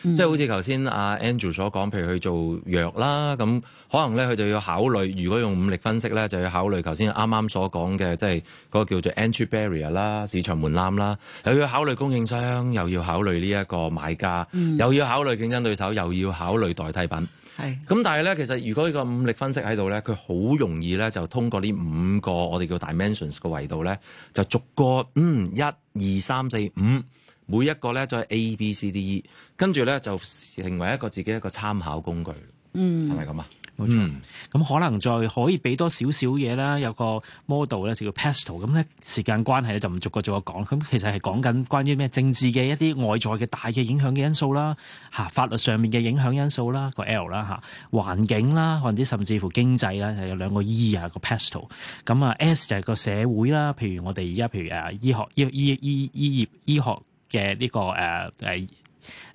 嗯、即係好似頭先阿 Andrew 所講，譬如去做藥啦，咁可能咧佢就要考慮，如果用五力分析咧，就要考慮頭先啱啱所講嘅，即係嗰個叫做 entry barrier 啦、barrier，市場門檻啦，又要考慮供應商，又要考慮呢一個買家，嗯、又要考慮競爭對手，又要考慮代替品。係是。咁但係咧，其實如果呢個五力分析喺度咧，佢好容易咧就通過呢五個我哋叫 dimensions 個維度咧，就逐個嗯一二三四五。1, 2, 3, 4, 5, 每一個咧，就係 A、B、C、D、E，跟住咧就成為一個自己一個參考工具。嗯，係咪咁啊？冇錯。咁、嗯、可能再可以俾多少少嘢啦，有個 model 咧就叫 PESTEL。咁咧時間關係咧就唔逐個逐個講。咁其實係講緊關於咩政治嘅一啲外在嘅大嘅影響嘅因素啦，嚇法律上面嘅影響因素啦，個 L 啦嚇環境啦，或者甚至乎經濟啦，係有兩個 E 啊個 PESTEL。咁啊 S 就係個社會啦，譬如我哋而家譬如誒醫學醫醫醫醫業醫學。醫醫醫醫學嘅呢個誒誒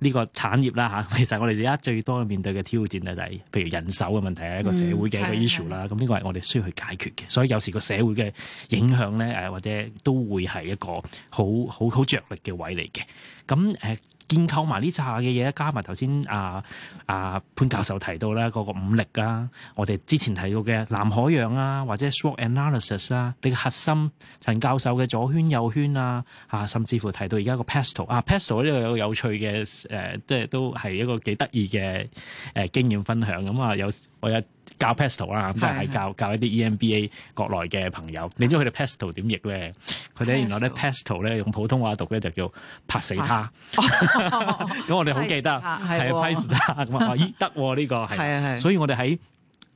呢個產業啦嚇，其實我哋而家最多面對嘅挑戰就係，譬如人手嘅問題係一個社會嘅一個 issue 啦。咁呢個係我哋需要去解決嘅，所以有時個社會嘅影響咧誒，或者都會係一個好好好着力嘅位嚟嘅。咁誒。呃建構埋呢紮嘅嘢，加埋頭先啊啊潘教授提到啦，嗰，那個五力啊，我哋之前提到嘅藍海洋啊，或者 SWOT analysis 軟軟啊，你嘅核心陳教授嘅左圈右圈啊，啊甚至乎提到而家，啊、個 PESTLE 啊 PESTLE 呢個有有趣嘅誒，即、呃、係都係一個幾得意嘅誒經驗分享咁啊，嗯呃、有我有。教 pesto 啦，咁但係教教一啲 EMBA 國內嘅朋友，是的 你知佢哋 pesto 點譯咧？佢哋原來咧 pesto 咧用普通話讀咧就叫拍死他。咁我哋好記得，係 pesto、 (laughs) 嗯。咁話咦得呢個係，的的所以我哋喺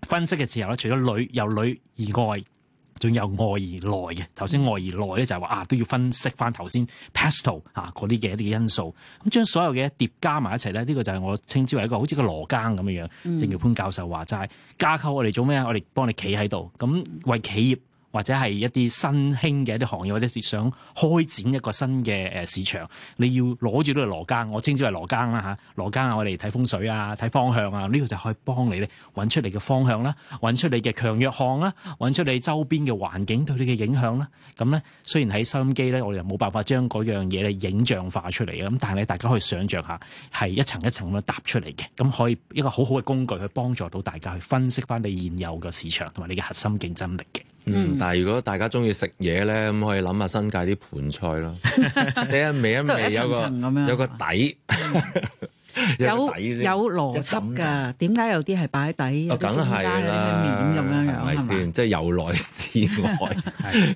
分析嘅時候咧，除咗女由女而外。仲有外而內嘅，頭先外而內咧就係話啊，都要分析翻頭先 PESTEL 嚇嗰啲嘅一啲嘅因素，咁將所有嘅一疊加埋一齊咧，呢、呢個就係我稱之為一個好似個羅庚咁嘅樣，嗯、正如潘教授話齋，架構我哋做咩啊？我哋幫你企喺度，咁為企業。或者係一啲新興嘅一啲行業，或者是想開展一個新嘅誒市場，你要攞住呢個羅庚，我稱之為羅庚啦嚇。羅庚，我哋睇風水啊，睇方向啊，呢個就可以幫你咧揾出嚟嘅方向啦、啊，揾出你嘅強弱項啦、啊，揾出你周邊嘅環境對你嘅影響啦、啊。咁咧，雖然喺收音機咧，我哋冇辦法將嗰樣嘢咧影像化出嚟嘅，咁但係咧，大家可以想像下係一層一層咁樣搭出嚟嘅，咁可以一個好好嘅工具去幫助到大家去分析翻你現有嘅市場同埋你嘅核心競爭力嘅。嗯，但係如果大家中意食嘢咧，咁可以諗下新界啲盤菜咯，睇下味一味有個有個底，有有邏輯噶，點解有啲係擺底，梗係面咁樣樣係咪先？即係由內至外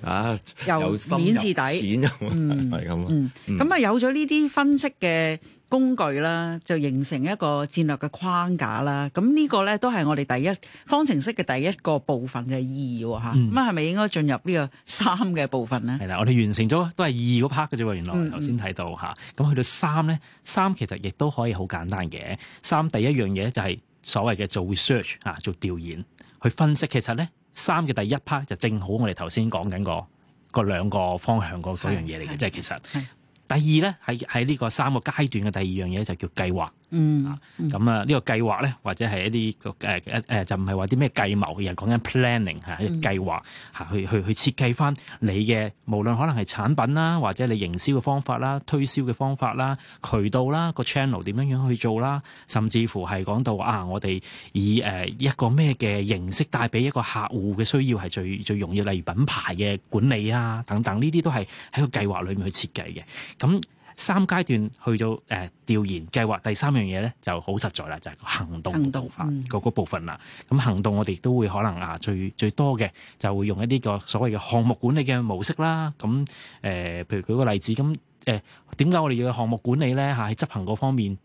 啊，由面至底，嗯，係咁啊，咁啊有咗呢啲分析嘅工具啦，就形成一個戰略嘅框架啦。咁、這、呢個咧都係我哋第一方程式嘅第一個部分嘅二吓，咁係咪應該進入呢個三嘅部分咧？係啦，我哋完成咗都係二嗰 part 嘅啫。原來頭先睇到吓，咁、嗯、去到三咧，三其實亦都可以好簡單嘅。三第一樣嘢就係所謂嘅做 research 啊，做調研去分析。其實咧，三嘅第一 part 就正好我哋頭先講緊個嗰兩個方向嗰嗰樣嘢嚟嘅，即係是其實。第二咧，係喺呢個三個階段嘅第二樣嘢就叫計劃。嗯，咁啊呢個計劃咧，或者係一啲個誒誒，就唔係話啲咩計謀，而係講緊 planning 吓，啊，去計劃吓，去去去設計翻你嘅，無論可能係產品啦，或者你營銷嘅方法啦，推銷嘅方法啦，渠道啦，個 channel 點樣樣去做啦，甚至乎係講到啊，我哋以誒一個咩嘅形式帶俾一個客戶嘅需要係最最容易，例如品牌嘅管理啊等等，呢啲都係喺個計劃裏面去設計嘅，咁，啊。嗯三階段去到誒、呃、調研計劃，第三樣嘢咧就好實在啦，就係、是、行動法個嗰部分啦。咁、嗯、行動我哋都會可能啊最最多嘅就會用一啲個所謂嘅項目管理嘅模式啦。咁誒、呃，譬如舉個例子，咁誒點解我哋要項目管理咧？嚇喺執行嗰方面。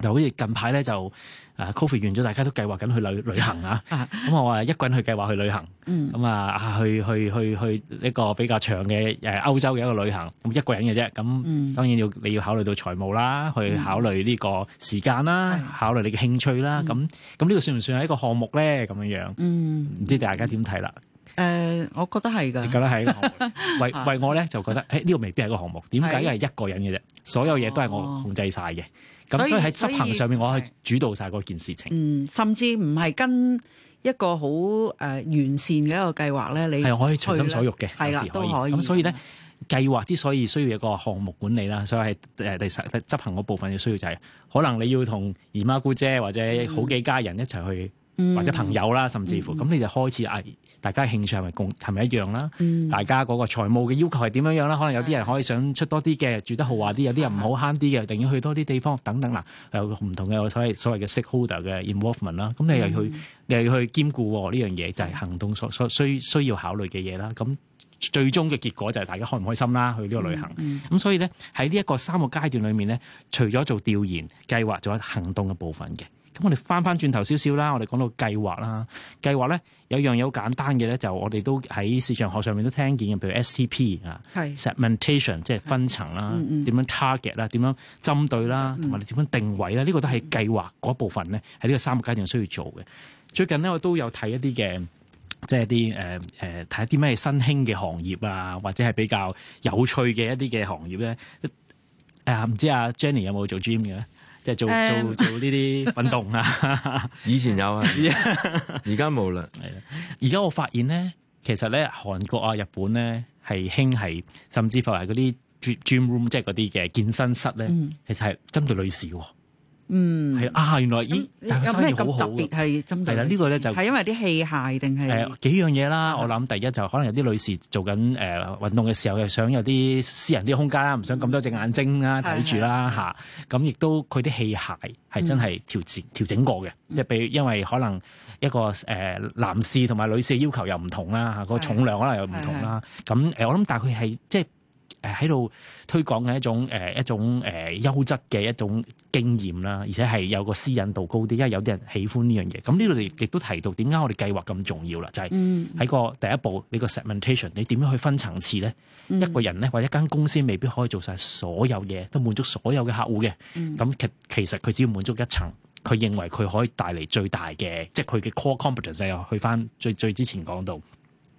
就好似近排咧，就啊，Covid 完咗，大家都計劃緊去旅旅行啊。咁我話一個人去計劃去旅行，咁啊，去去去去一個比較長嘅誒歐洲嘅一個旅行。咁一個人嘅啫，咁當然要你要考慮到財務啦，去考慮呢個時間啦，考慮你嘅興趣啦。咁咁呢個算唔算係一個項目咧？咁樣樣，唔知大家點睇啦？誒，我覺得係噶，覺得係一個項目，為為我咧就覺得誒呢個未必係一個項目，點解？係一個人嘅啫？所有嘢都係我控制晒嘅。咁所以喺執行上面，我可以主導晒嗰件事情。嗯，甚至唔係跟一個好誒、呃、完善嘅一個計劃咧，你係可以隨心所欲嘅，的有時可以。咁所以咧，計劃之所以需要一個項目管理啦，所以係誒第實執行嗰部分嘅需要就係、是，可能你要同姨媽姑姐或者好幾家人一齊去。嗯或者朋友啦，甚至乎咁、mm hmm. 你就開始嗌大家興趣係咪共係咪一樣啦？Mm hmm. 大家嗰個財務嘅要求係點樣樣啦？可能有啲人可以想出多啲嘅住得豪華啲，有啲人唔好慳啲嘅，定要去多啲地方等等、mm hmm. 啦。有唔同嘅所謂所謂嘅 stakeholder 嘅 involvement 啦。咁你又去，mm hmm. 去，你又要去兼顧呢樣嘢，就係行動所需需要考慮嘅嘢啦。咁最終嘅結果就係大家開唔開心啦？去呢個旅行。咁所以咧，喺呢一個三個階段裏面咧，除咗做調研、計、hmm. 劃、mm，仲有行動嘅部分嘅。Hmm. Mm hmm. 咁我哋翻翻轉頭少少啦，我哋講到計劃啦，計劃咧有一樣嘢好簡單嘅咧，就我哋都喺市場學上面都聽見嘅，譬如 STP 啊是，segmentation 即係分層啦，點、嗯嗯、樣 target 啦，點樣針對啦，同埋你點樣定位啦，呢、嗯、個都係計劃嗰部分咧，喺呢個三個階段需要做嘅。最近咧我都有睇一啲嘅，即係啲誒誒睇一啲咩、呃、新興嘅行業啊，或者係比較有趣嘅一啲嘅行業咧。誒、呃、唔知阿、啊、Jenny 有冇做 gym 嘅？即係做做做呢啲運動啊！ (laughs) 以前有啊，而家冇啦。係啊，而家我發現咧，其實咧韓國啊、日本咧係興係，甚至乎係嗰啲 gym room，即係啲嘅健身室咧，其實係針對女士喎。嗯，係啊，原來咦，有咩咁特別係針對？係啦，呢個咧就係因為啲器械定係？誒幾樣嘢啦，我諗第一就可能有啲女士做緊誒運動嘅時候，又想有啲私人啲空間啦，唔想咁多隻眼睛啦睇住啦嚇。咁亦都佢啲器械係真係調節調整過嘅，即係譬如因為可能一個誒男士同埋女士要求又唔同啦，嚇個重量可能又唔同啦。咁誒，我諗但係佢係即係。誒喺度推廣嘅一種誒、呃、一種誒、呃呃、優質嘅一種經驗啦，而且係有個私隱度高啲，因為有啲人喜歡呢樣嘢。咁呢度亦都提到點解我哋計劃咁重要啦？就係喺個第一步，你個 segmentation，你點樣去分層次咧？嗯、一個人咧或者一間公司未必可以做晒所有嘢，都滿足所有嘅客戶嘅。咁、嗯、其其實佢只要滿足一層，佢認為佢可以帶嚟最大嘅，即係佢嘅 core competence。去翻最最之前講到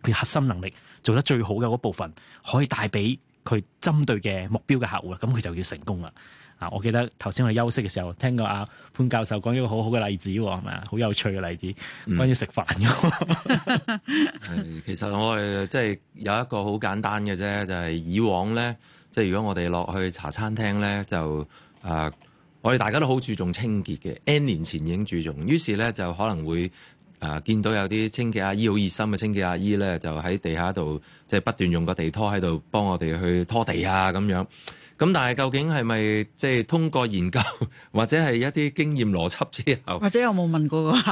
佢核心能力做得最好嘅部分，可以帶俾，佢針對嘅目標嘅客戶，咁佢就要成功啦。啊，我記得頭先我哋休息嘅時候，聽過阿、啊、潘教授講一個好好嘅例子，係咪啊？好有趣嘅例子，嗯、關於食飯嘅。 (laughs) (laughs) 其實我哋即係有一個好簡單嘅啫，就係、是、以往咧，即、就、係、是、如果我哋落去茶餐廳咧，就啊、呃，我哋大家都好注重清潔嘅。N 年前已經注重，於是咧就可能會。啊！見到有啲清潔阿姨好熱心嘅清潔阿姨咧，就喺地下度即係不斷用個地拖喺度幫我哋去拖地啊咁樣。咁但係究竟係咪即係通過研究或者係一啲經驗邏輯之後，或者有冇問過個客？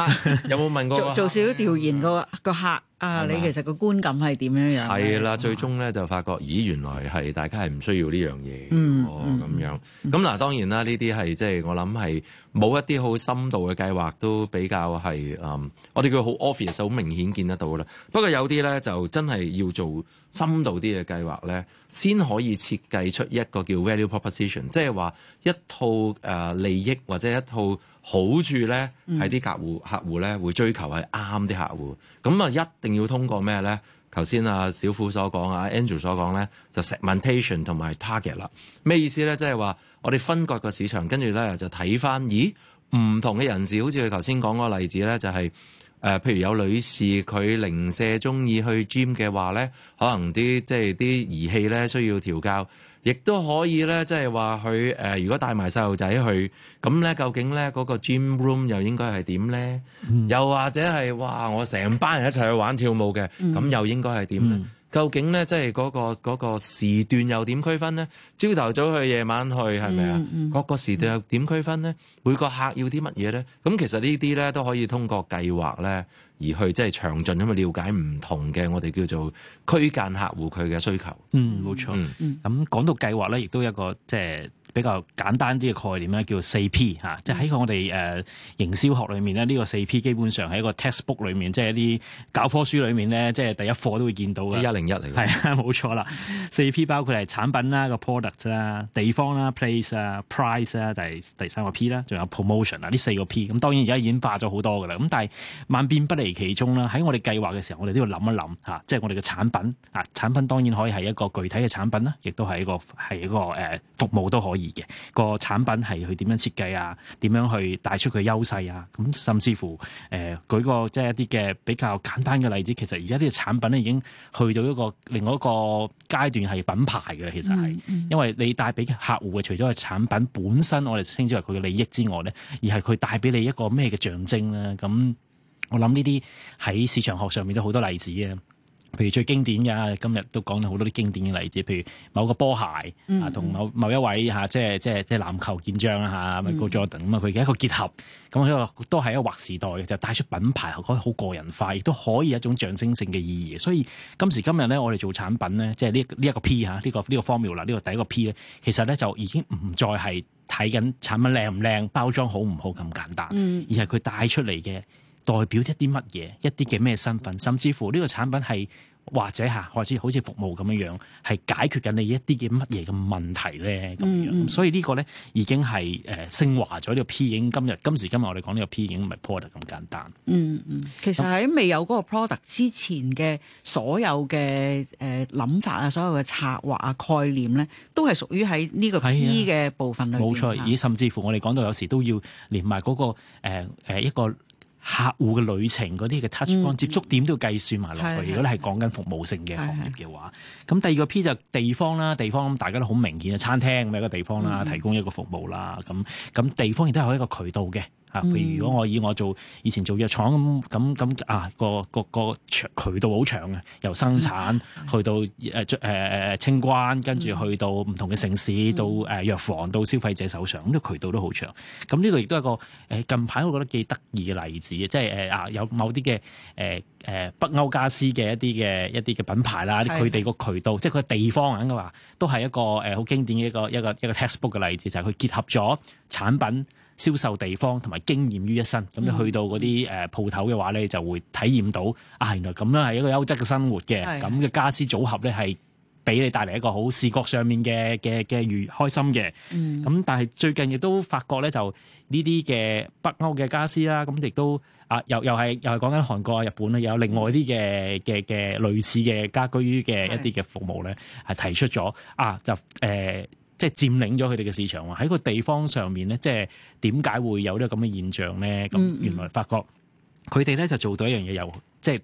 有冇問過做少少調研個 (laughs) 個客？啊！吧你其實個觀感係點樣樣？係啦的，啊、最終咧就發覺咦，原來係大家係唔需要呢樣嘢，嗯、哦咁樣。咁嗱、嗯嗯，當然啦，呢啲係即係我諗係冇一啲好深度嘅計劃都比較係啊、嗯、我哋叫好 obvious 好明顯見得到啦。不過有啲咧就真係要做深度啲嘅計劃咧，先可以設計出一個叫 value proposition，即係話一套誒、呃、利益或者一套好處咧，係啲客戶客戶咧會追求係啱啲客戶，咁啊一定。要通過咩咧？頭先阿小虎所講啊 Andrew 所講咧，就 segmentation 同埋 target 啦。咩意思咧？即係話我哋分割個市場，跟住咧就睇翻，咦？唔同嘅人士，好似佢頭先講嗰個例子咧，就係、是、誒、呃，譬如有女士佢零舍中意去 gym 嘅話咧，可能啲即係啲儀器咧需要調校。亦都可以咧，即係話佢，誒，如果帶埋細路仔去，咁咧究竟咧嗰個 gym room 又應該係點咧？嗯、又或者係哇，我成班人一齊去玩跳舞嘅，咁、嗯、又應該係點咧？嗯、究竟咧即係嗰個嗰、嗰個時段又點區分咧？朝頭早去、夜晚去係咪啊？嗰、嗯嗯、個時段又點區分咧？每個客要啲乜嘢咧？咁其實呢啲咧都可以通過計劃咧。而去即係詳盡咁去了解唔同嘅我哋叫做區間客戶佢嘅需求。嗯，冇錯。嗯咁講、嗯、到計劃咧，亦都有一個即係。比較簡單啲嘅概念咧，叫做四 P 嚇、嗯，即係喺我哋誒、呃、營銷學裏面咧，呢、這個四 P 基本上係一個 textbook 裏面，即係一啲教科書裏面咧，即係第一課都會見到嘅。一零一嚟，係啊， (laughs) 冇錯啦。四 P 包括係產品啦、個 product 啊、地方啦、place 啊、price 啊，就係第三個 P 啦，仲有 promotion 啊，呢四個 P。咁當然而家演化咗好多噶啦。咁但係萬變不離其宗啦。喺我哋計劃嘅時候，我哋都要諗一諗嚇，即係我哋嘅產品啊，產品當然可以係一個具體嘅產品啦，亦都係一個係一個誒服務都可以。嘅個產品係去點樣設計啊？點樣去帶出佢優勢啊？咁甚至乎誒、呃，舉個即係一啲嘅比較簡單嘅例子。其實而家呢個產品咧已經去到一個另外一個階段，係品牌嘅。其實係，因為你帶俾客戶嘅，除咗係產品本身，我哋稱之為佢嘅利益之外咧，而係佢帶俾你一個咩嘅象徵咧。咁我諗呢啲喺市場學上面都好多例子嘅。譬如最經典嘅，今日都講到好多啲經典嘅例子，譬如某個波鞋啊，同某某一位嚇、啊，即係即係即係籃球健將啦嚇，米高佐敦等啊，佢嘅、嗯、一個結合，咁呢個都係一個劃時代嘅，就帶出品牌，好個人化，亦都可以一種象徵性嘅意義。所以今時今日咧，我哋做產品咧，即係呢呢一個 P 嚇、啊，呢、呢個呢、呢個、formula 呢個第一個 P 咧，其實咧就已經唔再係睇緊產品靚唔靚、包裝好唔好咁簡單，而係佢帶出嚟嘅。代表一啲乜嘢，一啲嘅咩身份，甚至乎呢個產品係或者吓開始好似服務咁樣樣，係解決緊你一啲嘅乜嘢嘅問題咧咁樣。嗯嗯、所以呢個咧已經係誒昇華咗呢個 P，已經、嗯。今日今時今日我哋講呢個 P 已經唔係 product 咁簡單，嗯嗯，其實喺未有嗰個 product 之前嘅所有嘅誒諗法啊，所有嘅策劃啊、概念咧，都係屬於喺呢個 P 嘅部分裏面。冇錯，咦、嗯嗯嗯？甚至乎我哋講到有時都要連埋、那、嗰個誒誒一個。一個客戶嘅旅程嗰啲嘅 touch point、嗯、接觸點都要計算埋落去，嗯、如果你係講緊服務性嘅行業嘅話，咁、嗯、第二個 P 就係地方啦，地方咁大家都好明顯啊，餐廳咁一個地方啦，提供一個服務啦，咁咁、嗯、地方亦都有一個渠道嘅。啊！譬如如果我以我做以前做藥廠咁咁咁啊個個個渠道好長嘅，由生產去到誒誒誒清關，跟住去到唔同嘅城市，到誒藥房，到消費者手上，呢個渠道都好長。咁呢度亦都係一個近排我覺得幾得意嘅例子，即係誒啊有某啲嘅誒誒北歐家私嘅一啲嘅一啲嘅品牌啦，佢哋個渠道的即係個地方，應該話都係一個誒好經典嘅一個一個一個 textbook 嘅例子，就係佢結合咗產品、銷售地方同埋經驗於一身，咁你、嗯、去到嗰啲誒鋪頭嘅話咧，就會體驗到、嗯、啊！原來咁樣係一個優質嘅生活嘅，咁嘅家私組合咧係俾你帶嚟一個好視覺上面嘅嘅嘅愉開心嘅。咁的、嗯、但係最近亦都發覺咧，就呢啲嘅北歐嘅家私啦，咁亦都啊又又係又係講緊韓國啊、日本啊，又有另外啲嘅嘅嘅類似嘅家居嘅一啲嘅服務咧，係提出咗啊就誒。啊呃即係佔領咗佢哋嘅市場喎，喺個地方上面咧，即係點解會有呢個咁嘅現象咧？咁原來發覺佢哋咧就做到一樣嘢，又即係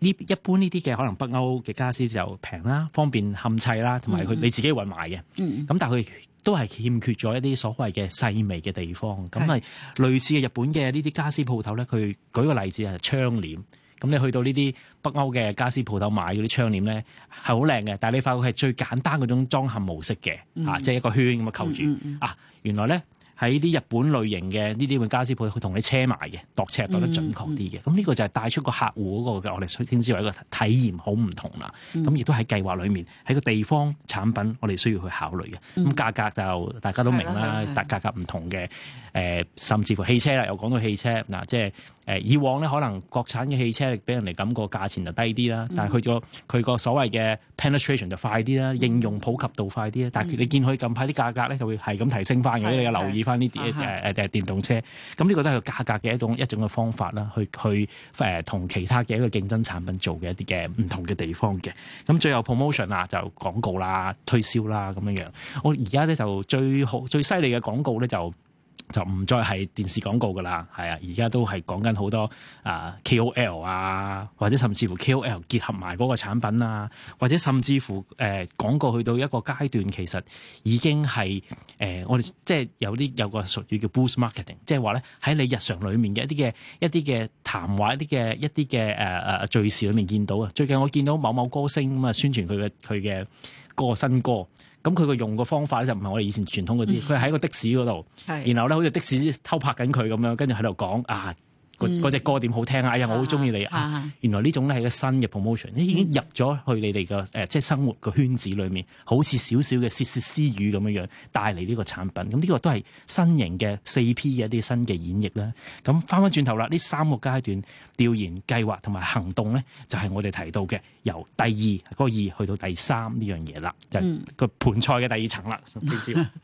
呢一般呢啲嘅可能北歐嘅家私就平啦，方便冚砌啦，同埋佢你自己運埋嘅。咁但係佢都係欠缺咗一啲所謂嘅細微嘅地方。咁係類似嘅日本嘅呢啲家私鋪頭咧，佢舉個例子係窗簾。咁你去到呢啲北歐嘅家私鋪頭買嗰啲窗簾咧，係好靚嘅，但係你發覺係最簡單嗰種裝嵌模式嘅，嚇，即係一個圈咁樣扣住。啊，原來咧喺啲日本類型嘅呢啲嘅傢俬鋪，佢同你車埋嘅，度車度得準確啲嘅。咁呢個就係帶出個客戶嗰個嘅我哋所稱之為一個體驗好唔同啦。咁亦都喺計劃裡面，喺個地方產品我哋需要去考慮嘅。咁價格就大家都明啦，價格唔同嘅誒，甚至乎汽車啦，又講到汽車嗱，即係。誒以往咧，可能國產嘅汽車俾人哋感覺價錢就低啲啦，但係佢個佢個所謂嘅 penetration 就快啲啦，應用普及度快啲啦。但係你見佢近排啲價格咧就會係咁提升翻嘅，嗯、你有留意翻呢啲誒誒電動車。咁呢個都係個價格嘅一種一種嘅方法啦，去去誒同、呃、其他嘅一個競爭產品做嘅一啲嘅唔同嘅地方嘅。咁最後 promotion 啊，就廣告啦、推銷啦咁樣樣。我而家咧就最好最犀利嘅廣告咧就。就唔再係電視廣告噶啦，係啊！而家都係講緊好多啊、呃、KOL 啊，或者甚至乎 KOL 結合埋嗰個產品啊，或者甚至乎誒廣告去到一個階段，其實已經係誒、呃、我哋即係有啲有個俗語叫 boost marketing，即係話咧喺你日常裡面嘅一啲嘅一啲嘅談話、一啲嘅一啲嘅誒誒敘事裡面見到啊！最近我見到某某歌星咁啊，宣傳佢嘅佢嘅歌新歌。咁佢個用個方法咧，就唔係我哋以前傳統嗰啲，佢係喺 (laughs) 個的士嗰度， (laughs) 然後咧好似的士偷拍緊佢咁樣，跟住喺度講啊。嗰嗰隻歌點好聽啊！哎呀，我好中意你啊！啊啊原來呢種咧係個新嘅 promotion、嗯、已經入咗去你哋嘅誒，即係生活嘅圈子裏面，好似少少嘅竊竊私語咁樣樣，帶嚟呢個產品。咁呢個都係新型嘅四 P 嘅一啲新嘅演繹啦。咁翻翻轉頭啦，呢三個階段調研、計劃同埋行動咧，就係、是、我哋提到嘅由第二、那個二去到第三呢樣嘢啦，就係個、是、盤菜嘅第二層啦，點、嗯 (laughs)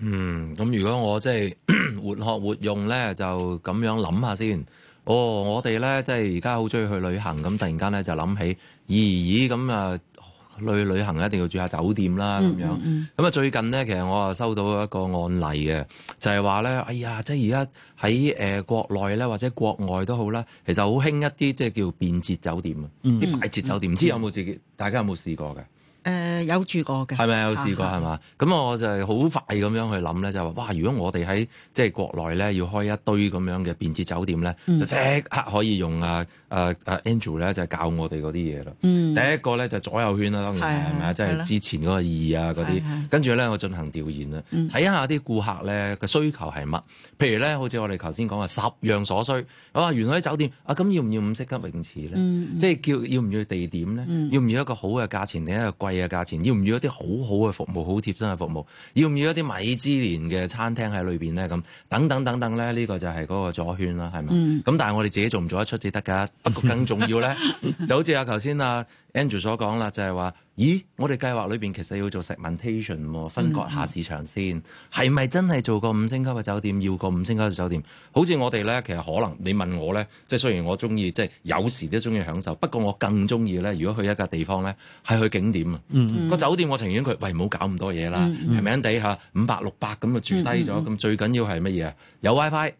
嗯，咁如果我即係 (coughs) 活學活用咧，就咁樣諗下先。哦，我哋咧即係而家好中意去旅行，咁突然間咧就諗起，咦咦咁啊，去、呃旅，呃、旅行一定要住下酒店啦咁、嗯嗯、樣。咁啊，最近咧其實我啊收到一個案例嘅，就係話咧，哎呀，即係而家喺誒國內咧或者國外都好啦，其實好興一啲即係叫便捷酒店啊，啲、嗯嗯、快捷酒店。唔知有冇自己，大家有冇試過嘅？誒、uh, 有住過嘅係咪有試過係嘛？咁、 (music) 啊、 (music) 我就係好快咁樣去諗咧，就話、是、哇！如果我哋喺即係國內咧，要開一堆咁樣嘅便捷酒店咧，嗯、就即刻可以用阿阿阿 Angel 咧，啊啊、就教我哋嗰啲嘢咯。嗯、第一個咧就左右圈啦，當然係咪 (music) 啊？即係之前嗰個二啊嗰啲，跟住咧我進行調研啊，睇下啲顧客咧嘅需求係乜？譬如咧，好似我哋頭先講話十樣所需。咁啊，原來喺酒店啊，咁要唔要五星級泳池咧？即係叫要唔要地點咧？要唔要一個好嘅價錢定係 (music) (music) 貴？嘅價錢，要唔要一啲好好嘅服務，好貼身嘅服務，要唔要一啲米芝蓮嘅餐廳喺裏邊咧？咁等等等等咧，呢、這個就係嗰個左圈啦，係咪？咁、嗯、但係我哋自己做唔做得出至得㗎。不過更重要咧， (laughs) 就好似阿頭先阿。Andrew 所講啦，就係話：咦，我哋計劃裏邊其實要做 segmentation，分割下市場先，係咪真係做個五星級嘅酒店，要個五星級嘅酒店？好似我哋咧，其實可能你問我咧，即係雖然我中意，即係有時都中意享受，不過我更中意咧。如果去一個地方咧，係去景點啊，mm hmm. 個酒店我情願佢喂唔好搞咁多嘢啦，平平哋吓，五百六百咁啊住低咗，咁、mm hmm. 最緊要係乜嘢啊？有 WiFi。Fi?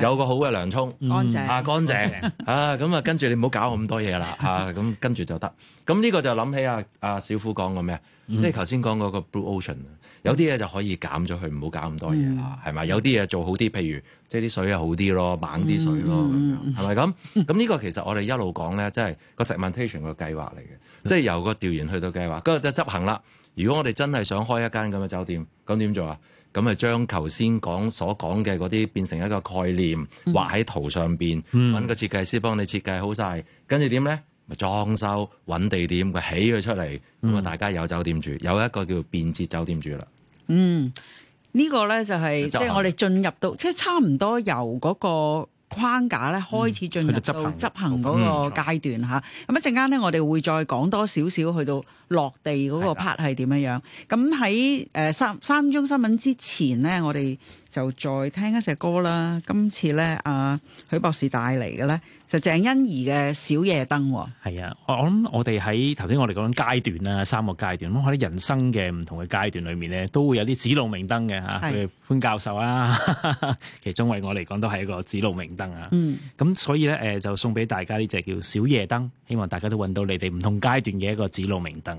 有個好嘅涼衝，嗯、乾淨啊，乾淨啊，咁 (laughs) 啊，跟住你唔好搞咁多嘢啦，嚇咁、 (laughs) 啊、跟住就得。咁呢個就諗起阿阿小虎講過咩啊？啊嗯、即係頭先講嗰個 Blue Ocean，有啲嘢就可以減咗佢，唔好搞咁多嘢啦，係咪、嗯？有啲嘢做好啲，譬如即係啲水啊好啲咯，猛啲水咯，係咪咁？咁呢 (laughs) 個其實我哋一路講咧，即係個 segmentation 個計劃嚟嘅，即係由個調研去到計劃，跟住就執行啦。如果我哋真係想開一間咁嘅酒店，咁點做啊？咁咪將頭先講所講嘅嗰啲變成一個概念，畫喺圖上邊，搵個設計師幫你設計好晒。跟住點咧？裝修，搵地點，佢起佢出嚟，咁啊，大家有酒店住，有一個叫便捷酒店住啦。嗯，呢個咧就係即係我哋進入到，即係差唔多由嗰個框架咧，開始進入到執行嗰個階段嚇，咁一陣間咧，我哋會再講多少少，去到落地嗰個 part 係點樣樣。咁喺誒三三中新聞之前咧，我哋。就再聽一隻歌啦！今次咧，阿、啊、許博士帶嚟嘅咧，就是、鄭欣宜嘅《小夜燈、哦》。係啊，我諗我哋喺頭先我哋講階段啊，三個階段，咁喺人生嘅唔同嘅階段裏面咧，都會有啲指路明燈嘅嚇，譬如是潘教授啊， (laughs) 其中為我嚟講都係一個指路明燈啊。嗯。咁所以咧，誒就送俾大家呢隻叫《小夜燈》，希望大家都揾到你哋唔同階段嘅一個指路明燈。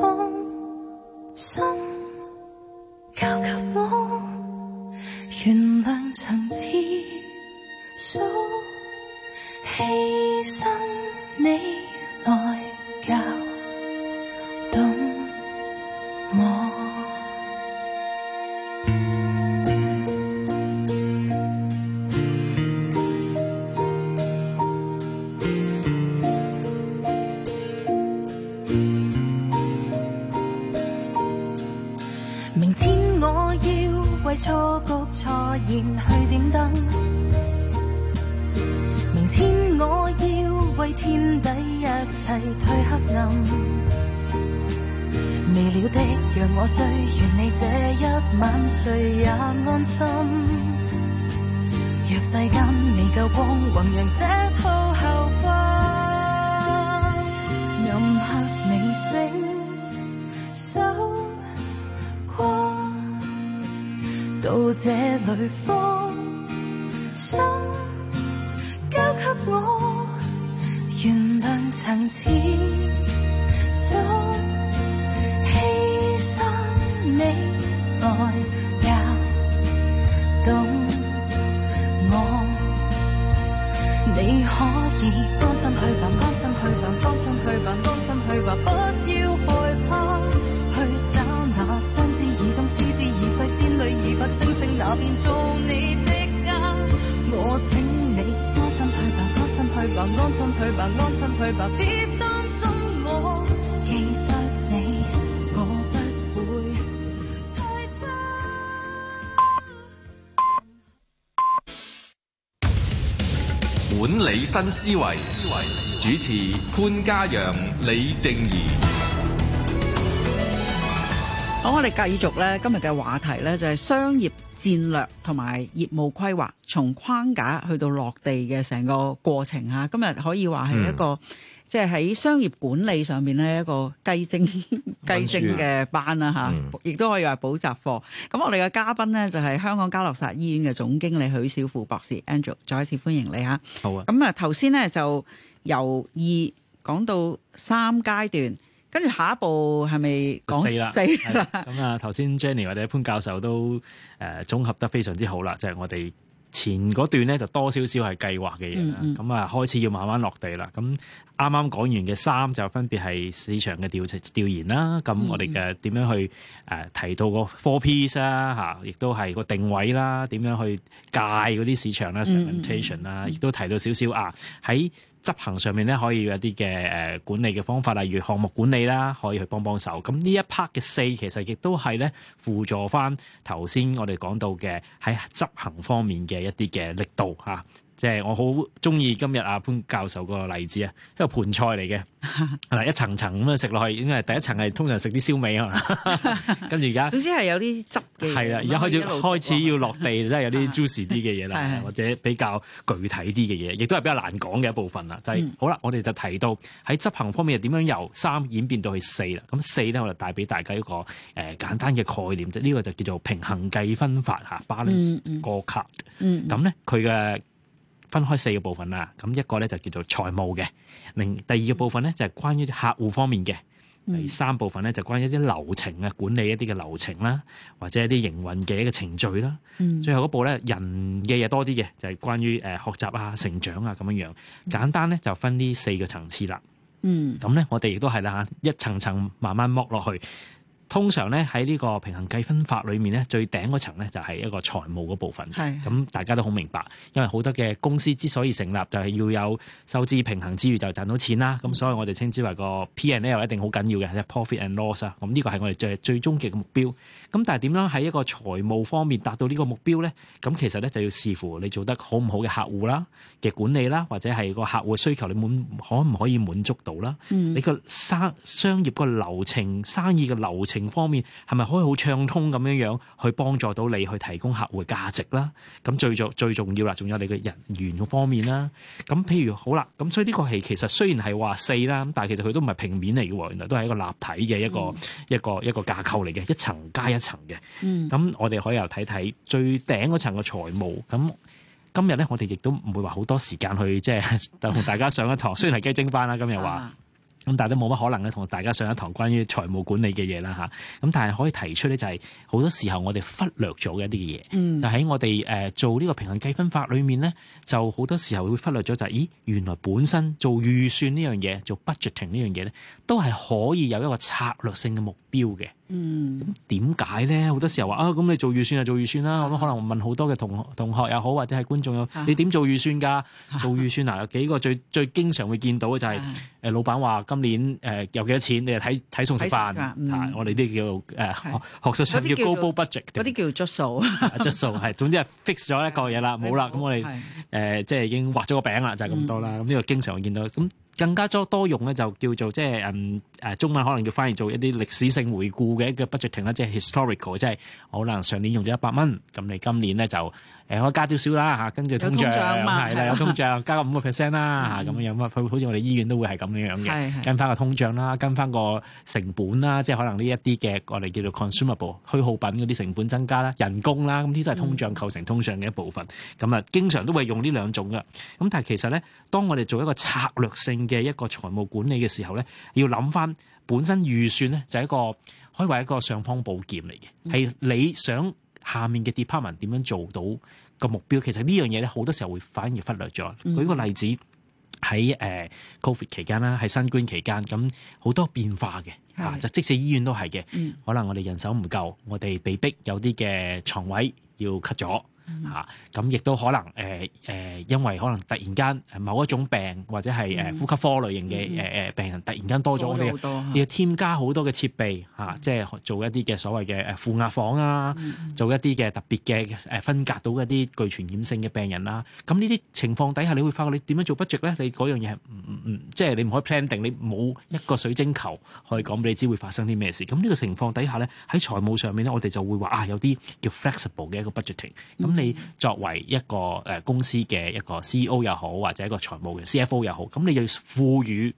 放心交給我，原諒曾自作犧牲你。新思維，思維主持潘嘉陽、李靜宜。好，我哋繼續咧，今日嘅話題咧就係商業戰略同埋業務規劃，從框架去到落地嘅成個過程啊！今日可以話係一個、嗯。即係喺商業管理上面咧，一個雞精雞 (laughs) 精嘅班啦嚇，亦都、嗯、可以話補習課。咁我哋嘅嘉賓咧就係、是、香港嘉諾撒醫院嘅總經理許小虎博士 Angela 再一次歡迎你吓，好啊。咁啊頭先咧就由二講到三階段，跟住下一步係咪講四啦了？咁啊頭先 Jenny 或者潘教授都誒綜合得非常之好啦，就係、是、我哋。前嗰段咧就多少少係計劃嘅嘢啦，咁啊、嗯嗯、開始要慢慢落地啦。咁啱啱講完嘅三就分別係市場嘅調查調研啦，咁、嗯嗯、我哋嘅點樣去誒、呃、提到個 four piece 啦、啊、嚇，亦都係個定位啦、啊，點樣去界嗰啲市場啦，segmentation 啦，亦都提到少少啊喺。執行上面咧，可以有一啲嘅誒管理嘅方法，例如項目管理啦，可以去幫幫手。咁呢一 part 嘅四其實亦都係咧輔助返頭先我哋講到嘅喺執行方面嘅一啲嘅力度嚇。即係我好中意今日阿潘教授個例子啊，一個盤菜嚟嘅，嗱一層層咁啊食落去，應該係第一層係通常食啲燒味啊，跟住而家總之係有啲汁嘅，係啦，而家開始開始要落地，即係有啲 juicy 啲嘅嘢啦，或者比較具體啲嘅嘢，亦都係比較難講嘅一部分啦。就係好啦，我哋就提到喺執行方面係點樣由三演變到去四啦。咁四咧，我就帶俾大家一個誒簡單嘅概念，即呢個就叫做平衡計分法嚇 （balance s c 咁咧佢嘅分開四個部分啦，咁一個咧就叫做財務嘅，另第二個部分咧就係關於客戶方面嘅，第三部分咧就關於一啲流程啊，管理一啲嘅流程啦，或者一啲營運嘅一個程序啦，嗯、最後嗰步咧，人嘅嘢多啲嘅，就係、是、關於誒學習啊、成長啊咁樣樣。簡單咧就分呢四個層次啦，咁咧、嗯、我哋亦都係啦吓，一層層慢慢剝落去。通常咧喺呢個平衡計分法裏面咧，最頂嗰層咧就係一個財務嗰部分。咁的大家都好明白，因為好多嘅公司之所以成立就係、是、要有收支平衡之餘就賺到錢啦。咁、嗯、所以我哋稱之為個 P and L 一定好緊要嘅，即、就、係、是、profit and loss 啊。咁呢個係我哋最最終極嘅目標。咁但係點咧？喺一個財務方面達到呢個目標咧，咁其實咧就要視乎你做得好唔好嘅客戶啦嘅管理啦，或者係個客戶需求你滿可唔可以滿足到啦？嗯、你個生商業個流程、生意嘅流程方面係咪可以好暢通咁樣樣去幫助到你去提供客戶價值啦？咁最重最重要啦，仲有你嘅人員方面啦。咁譬如好啦，咁所以呢個係其實雖然係話四啦，但係其實佢都唔係平面嚟嘅喎，原來都係一個立體嘅一個、嗯、一個一個,一個架構嚟嘅，一層加一層。層嘅，咁、嗯、我哋可以又睇睇最頂嗰層嘅財務。咁今日咧，我哋亦都唔會話好多時間去即係同大家上一堂。雖然係雞精班啦，今日話咁，但係都冇乜可能咧同大家上一堂關於財務管理嘅嘢啦吓。咁但係可以提出咧、就是，就係好多時候我哋忽略咗嘅一啲嘅嘢。嗯、就喺我哋誒做呢個平衡計分法裏面咧，就好多時候會忽略咗就係、是，咦，原來本身做預算呢樣嘢，做 budgeting 呢樣嘢咧，都係可以有一個策略性嘅目標標嘅，嗯，點解咧？好多時候話啊，咁你做預算就做預算啦。我可能問好多嘅同學同學又好，或者係觀眾又好，你點做預算噶？做預算啊，有幾個最最經常會見到嘅就係誒，老闆話今年誒有幾多錢，你啊睇睇餸食飯，我哋呢啲叫誒學學術上叫 global budget，嗰啲叫足數，足數係。總之係 fix 咗一個嘢啦，冇啦。咁我哋誒即係已經畫咗個餅啦，就係咁多啦。咁呢個經常見到咁。更加多多用咧，就叫做即係誒誒中文可能叫翻譯做一啲歷史性回顧嘅一個 budgeting 啦，即係 historical，即係可能上年用咗一百蚊，咁你今年咧就。誒可以加少少啦嚇，跟住通脹咁係啦，有通脹加個五個 percent 啦嚇，咁樣咁啊，佢好似我哋醫院都會係咁樣樣嘅，跟翻個通脹啦，跟翻個成本啦，即係可能呢一啲嘅我哋叫做 consumable 虛耗品嗰啲成本增加啦，人工啦，咁呢啲都係通脹構成通脹嘅一部分。咁啊，經常都會用呢兩種嘅。咁但係其實咧，當我哋做一個策略性嘅一個財務管理嘅時候咧，要諗翻本身預算咧就係一個可以話一個尚方寶劍嚟嘅，係你想。下面嘅 department 點樣做到個目標，其實呢樣嘢咧，好多時候會反而忽略咗。嗯、舉個例子，喺誒、呃、COVID 期間啦，喺新冠期間，咁好多變化嘅吓是、啊，就即使醫院都係嘅，嗯、可能我哋人手唔夠，我哋被逼有啲嘅床位要 cut 咗。吓，咁亦、嗯啊、都可能誒誒、呃，因為可能突然間某一種病或者係誒呼吸科類型嘅誒誒病人突然間多咗，好多，多、嗯、你要添加好多嘅設備吓、啊，即係做一啲嘅所謂嘅誒負壓房啊，做一啲嘅特別嘅誒分隔到一啲具傳染性嘅病人啦。咁呢啲情況底下，你會發覺你點樣做 budget 咧？你嗰樣嘢係唔唔即係你唔可以 plan 定，你冇一個水晶球可以講俾你知會發生啲咩事。咁呢個情況底下咧，喺財務上面咧，我哋就會話啊，有啲叫 flexible 嘅一個 budgeting 咁、啊。你作為一個誒公司嘅一個 CEO 又好，或者一個財務嘅 CFO 又好，咁你就要賦予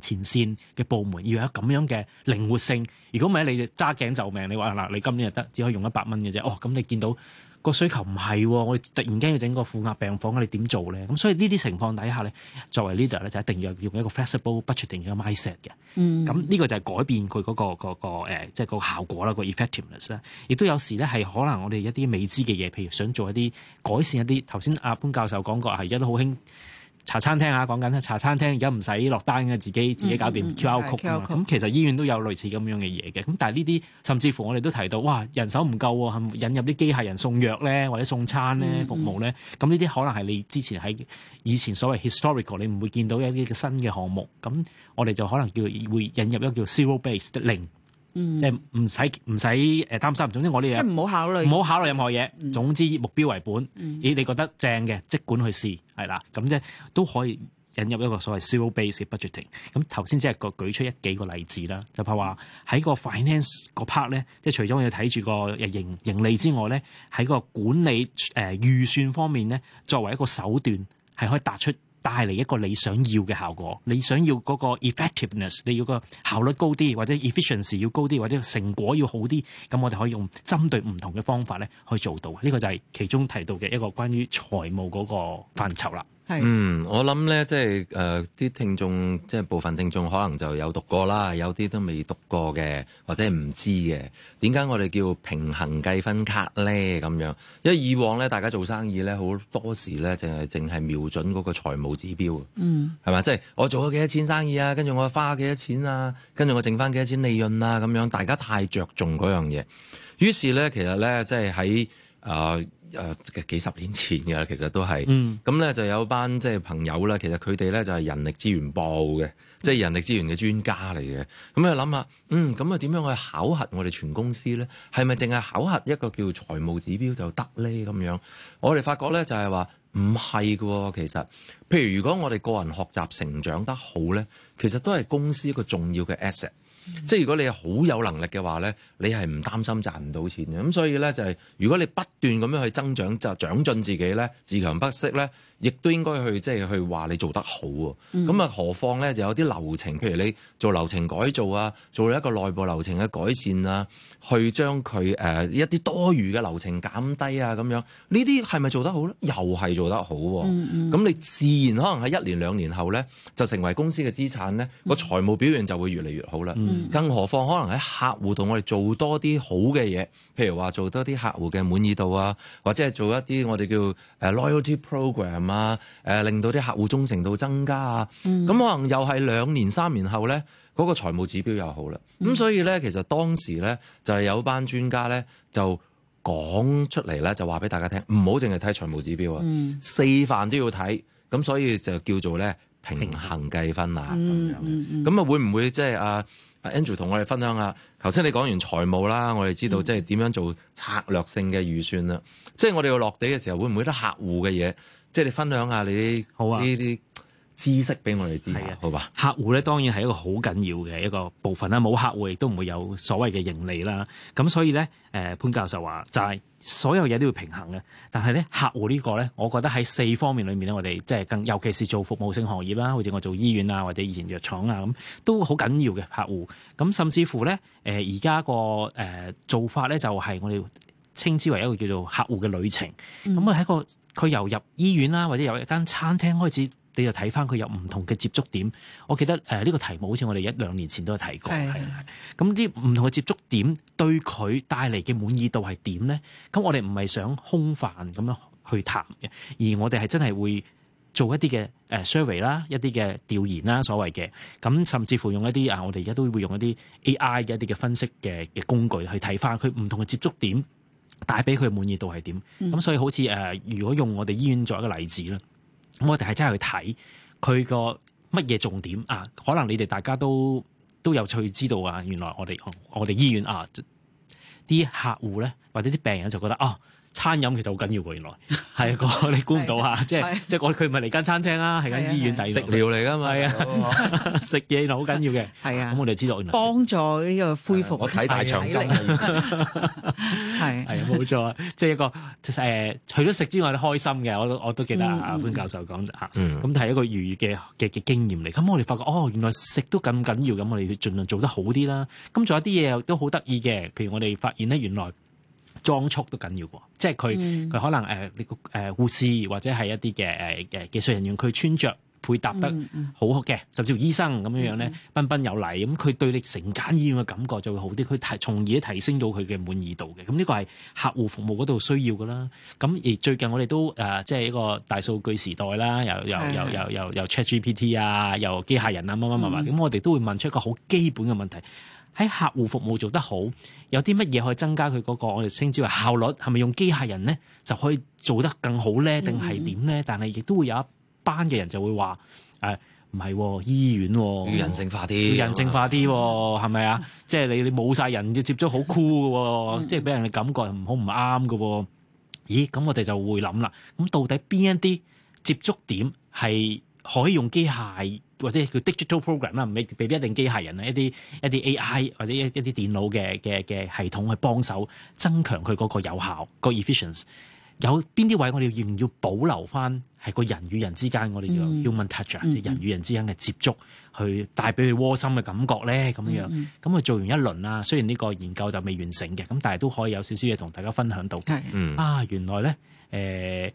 前線嘅部門要有咁樣嘅靈活性。如果唔係，你就揸頸就命。你話嗱，你今年就得只可以用一百蚊嘅啫。哦，咁你見到。個需求唔係喎，我哋突然間要整個負壓病房，我哋點做咧？咁所以呢啲情況底下咧，作為 leader 咧，就一定要用一個 flexible 不確定嘅 mindset 嘅、嗯。咁呢個就係改變佢嗰個、嗰個、誒，即係個效果啦，個 effectiveness 啦。亦都有時咧，係可能我哋一啲未知嘅嘢，譬如想做一啲改善一啲。頭先阿潘教授講過，係而家都好興。茶餐廳啊，講緊茶餐廳而家唔使落單嘅，自己自己搞掂 QR Code 啊。咁是其實醫院都有類似咁樣嘅嘢嘅。咁但係呢啲，甚至乎我哋都提到，哇，人手唔夠喎、啊，引入啲機械人送藥咧，或者送餐咧，服務咧。咁呢啲可能係你之前喺以前所謂 historical，你唔會見到一啲嘅新嘅項目。咁我哋就可能叫會引入一個叫 zero base 的零。嗯、即係唔使唔使，誒擔心。總之我呢樣，唔好考慮，唔好考慮任何嘢。嗯、總之目標為本，咦、嗯、你覺得正嘅，即管去試，係啦，咁即係都可以引入一個所謂 zero base budgeting。咁頭先只係舉出一幾個例子啦，就係話喺個 finance 個 part 咧，即係除咗要睇住個盈盈利之外咧，喺個管理誒預算方面咧，作為一個手段係可以達出。帶嚟一個你想要嘅效果，你想要嗰個 effectiveness，你要個效率高啲，或者 efficiency 要高啲，或者成果要好啲，咁我哋可以用針對唔同嘅方法咧，去做到。呢、這個就係其中提到嘅一個關於財務嗰個範疇啦。係，嗯，我諗咧，即係誒，啲、呃、聽眾即係部分聽眾可能就有讀過啦，有啲都未讀過嘅，或者唔知嘅，點解我哋叫平衡計分卡咧？咁樣，因為以往咧，大家做生意咧，好多時咧，淨係淨係瞄準嗰個財務指標，嗯，係嘛？即、就、係、是、我做咗幾多錢生意啊，跟住我花咗幾多錢啊，跟住我剩返幾多錢利潤啊，咁樣，大家太着重嗰樣嘢。於是咧，其實咧，即係喺誒。呃誒、呃，幾十年前嘅其實都係咁咧，就有班即係朋友啦。其實佢哋咧就係人力資源部嘅，即係人力資源嘅專家嚟嘅。咁啊諗下，嗯，咁啊點樣去考核我哋全公司咧？係咪淨係考核一個叫財務指標就得咧？咁樣我哋發覺咧就係話唔係嘅。其實，譬如如果我哋個人學習成長得好咧，其實都係公司一個重要嘅 asset。即係如果你係好有能力嘅話咧，你係唔擔心賺唔到錢嘅。咁所以咧就係、是、如果你不斷咁樣去增長，就長進自己咧，自強不息咧。亦都應該去即係去話你做得好喎，咁啊、嗯、何況咧就有啲流程，譬如你做流程改造啊，做一個內部流程嘅改善啊，去將佢誒、呃、一啲多餘嘅流程減低啊，咁樣呢啲係咪做得好咧？又係做得好喎，咁、嗯嗯、你自然可能喺一年兩年後咧就成為公司嘅資產咧，個、嗯、財務表現就會越嚟越好啦。嗯、更何況可能喺客戶同我哋做多啲好嘅嘢，譬如話做多啲客戶嘅滿意度啊，或者係做一啲我哋叫誒 loyalty program 啊。啊，誒，令到啲客戶忠誠度增加啊，咁、嗯、可能又係兩年三年後咧，嗰個財務指標又好啦。咁、嗯、所以咧，其實當時咧就係有班專家咧就講出嚟咧，就話俾大家聽，唔好淨係睇財務指標啊，嗯、四範都要睇。咁所以就叫做咧平衡計分啊咁衡、嗯嗯、樣。咁、就是、啊會唔會即係阿阿 Andrew 同我哋分享下。頭先你講完財務啦，我哋知道即係點樣做策略性嘅預算啦。嗯、即係我哋要落地嘅時候，會唔會得客戶嘅嘢？即係你分享下你啲呢啲知識俾我哋知係啊，好吧？客戶咧當然係一個好緊要嘅一個部分啦，冇客戶亦都唔會有所謂嘅盈利啦。咁所以咧，誒、呃、潘教授話就係所有嘢都要平衡嘅，但係咧客戶個呢個咧，我覺得喺四方面裏面咧，我哋即係更尤其是做服務性行業啦，好似我做醫院啊或者以前藥廠啊咁，都好緊要嘅客戶。咁甚至乎咧，誒而家個誒做法咧就係我哋。稱之為一個叫做客戶嘅旅程。咁啊、嗯，喺個佢由入醫院啦，或者由一間餐廳開始，你就睇翻佢有唔同嘅接觸點。我記得誒呢、呃呢個題目好，好似我哋一兩年前都有提過，係咁啲唔同嘅接觸點對佢帶嚟嘅滿意度係點咧？咁我哋唔係想空泛咁樣去談嘅，而我哋係真係會做一啲嘅誒 survey 啦，一啲嘅調研啦，所謂嘅咁，甚至乎用一啲啊，我哋而家都會用一啲 AI 嘅一啲嘅分析嘅嘅工具去睇翻佢唔同嘅接觸點。帶俾佢滿意度係點？咁、嗯、所以好似誒、呃，如果用我哋醫院做一個例子啦，咁我哋係真係去睇佢個乜嘢重點啊？可能你哋大家都都有趣知道啊！原來我哋我哋醫院啊，啲客戶咧或者啲病人就覺得啊。哦餐飲其實好緊要喎，原來係個你估唔到嚇，即係即係我佢唔係嚟間餐廳啦，係間醫院第二食療嚟㗎嘛，係啊，食嘢原來好緊要嘅，係啊，咁我哋知道原來幫助呢個恢復我睇大腸鏡係係冇錯啊，即係一個誒除咗食之外，你開心嘅，我都我都記得阿潘教授講嘅嚇，咁係一個愉悅嘅嘅嘅經驗嚟。咁我哋發覺哦，原來食都咁緊要，咁我哋要盡量做得好啲啦。咁仲有一啲嘢又都好得意嘅，譬如我哋發現咧，原來，裝束都緊要喎，即係佢佢可能誒你個誒護士或者係一啲嘅誒誒技術人員，佢穿着配搭得好嘅，甚至乎醫生咁樣樣咧，彬彬、嗯、有禮，咁佢對你成間醫院嘅感覺就會好啲，佢提從而提升到佢嘅滿意度嘅。咁、這、呢個係客戶服務嗰度需要㗎啦。咁而最近我哋都誒，uh, 即係一個大數據時代啦，又又又又又又 ChatGPT 啊，又、嗯、機械人啊，乜乜乜乜，咁我哋都會問出一個好基本嘅問題。喺客戶服務做得好，有啲乜嘢可以增加佢嗰、嗰個我哋稱之為效率？係咪用機械人咧就可以做得更好咧？定係點咧？但係亦都會有一班嘅人就會話：誒唔係醫院要、哦、人性化啲，要人性化啲係咪啊？即係、啊就是、你你冇晒人要接觸好酷嘅、哦，嗯、即係俾人嘅感覺唔好唔啱嘅。咦？咁我哋就會諗啦。咁到底邊一啲接觸點係可以用機械？或者叫 digital program 啦，未未必一定機械人啊，一啲一啲 AI 或者一一啲電腦嘅嘅嘅系統去幫手增強佢嗰個有效個 efficiency。有邊啲位我哋要唔要保留翻係個人與人之間，嗯、我哋叫 human touch，即係人與人之間嘅接觸、嗯、去帶俾佢窩心嘅感覺咧咁樣樣。咁啊、嗯嗯、做完一輪啦，雖然呢個研究就未完成嘅，咁但係都可以有少少嘢同大家分享到。係是、嗯、啊，原來咧誒。呃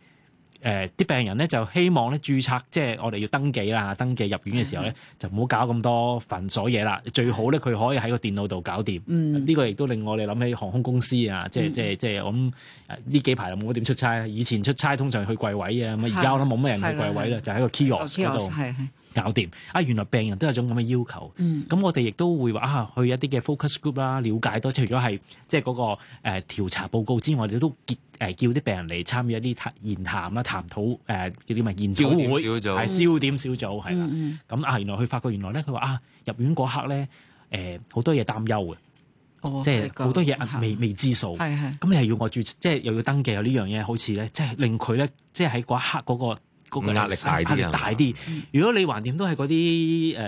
誒啲、呃、病人咧就希望咧註冊，即係我哋要登記啦，登記入院嘅時候咧是的 就唔好搞咁多繁瑣嘢啦，最好咧佢可以喺個電腦度搞掂。呢、嗯、個亦都令我哋諗起航空公司啊，即係、嗯、即係即係我呢幾排又冇點出差，以前出差通常去櫃位啊，咁而家我諗冇乜人去櫃位啦，就喺個 kiosk 嗰度。搞掂啊！原來病人都有種咁嘅要求，咁我哋亦都會話啊，去一啲嘅 focus group 啦，了解多、即係。除咗係即係嗰個誒調查報告之外，我哋都結誒叫啲病人嚟參與一啲言談啦，談討誒叫啲啊，言、呃、談會係焦點小組，係啦、嗯。咁啊，嗯嗯、原來佢發覺原來咧，佢話啊，入院嗰刻咧誒好多嘢擔憂嘅，即係好多嘢、啊、未未知數。係咁你係要我住，即係又要登記呢樣嘢，好似咧，即係令佢咧，即係喺嗰一刻嗰個。個壓力大啲，大啲、嗯。如果你橫掂都係嗰啲誒，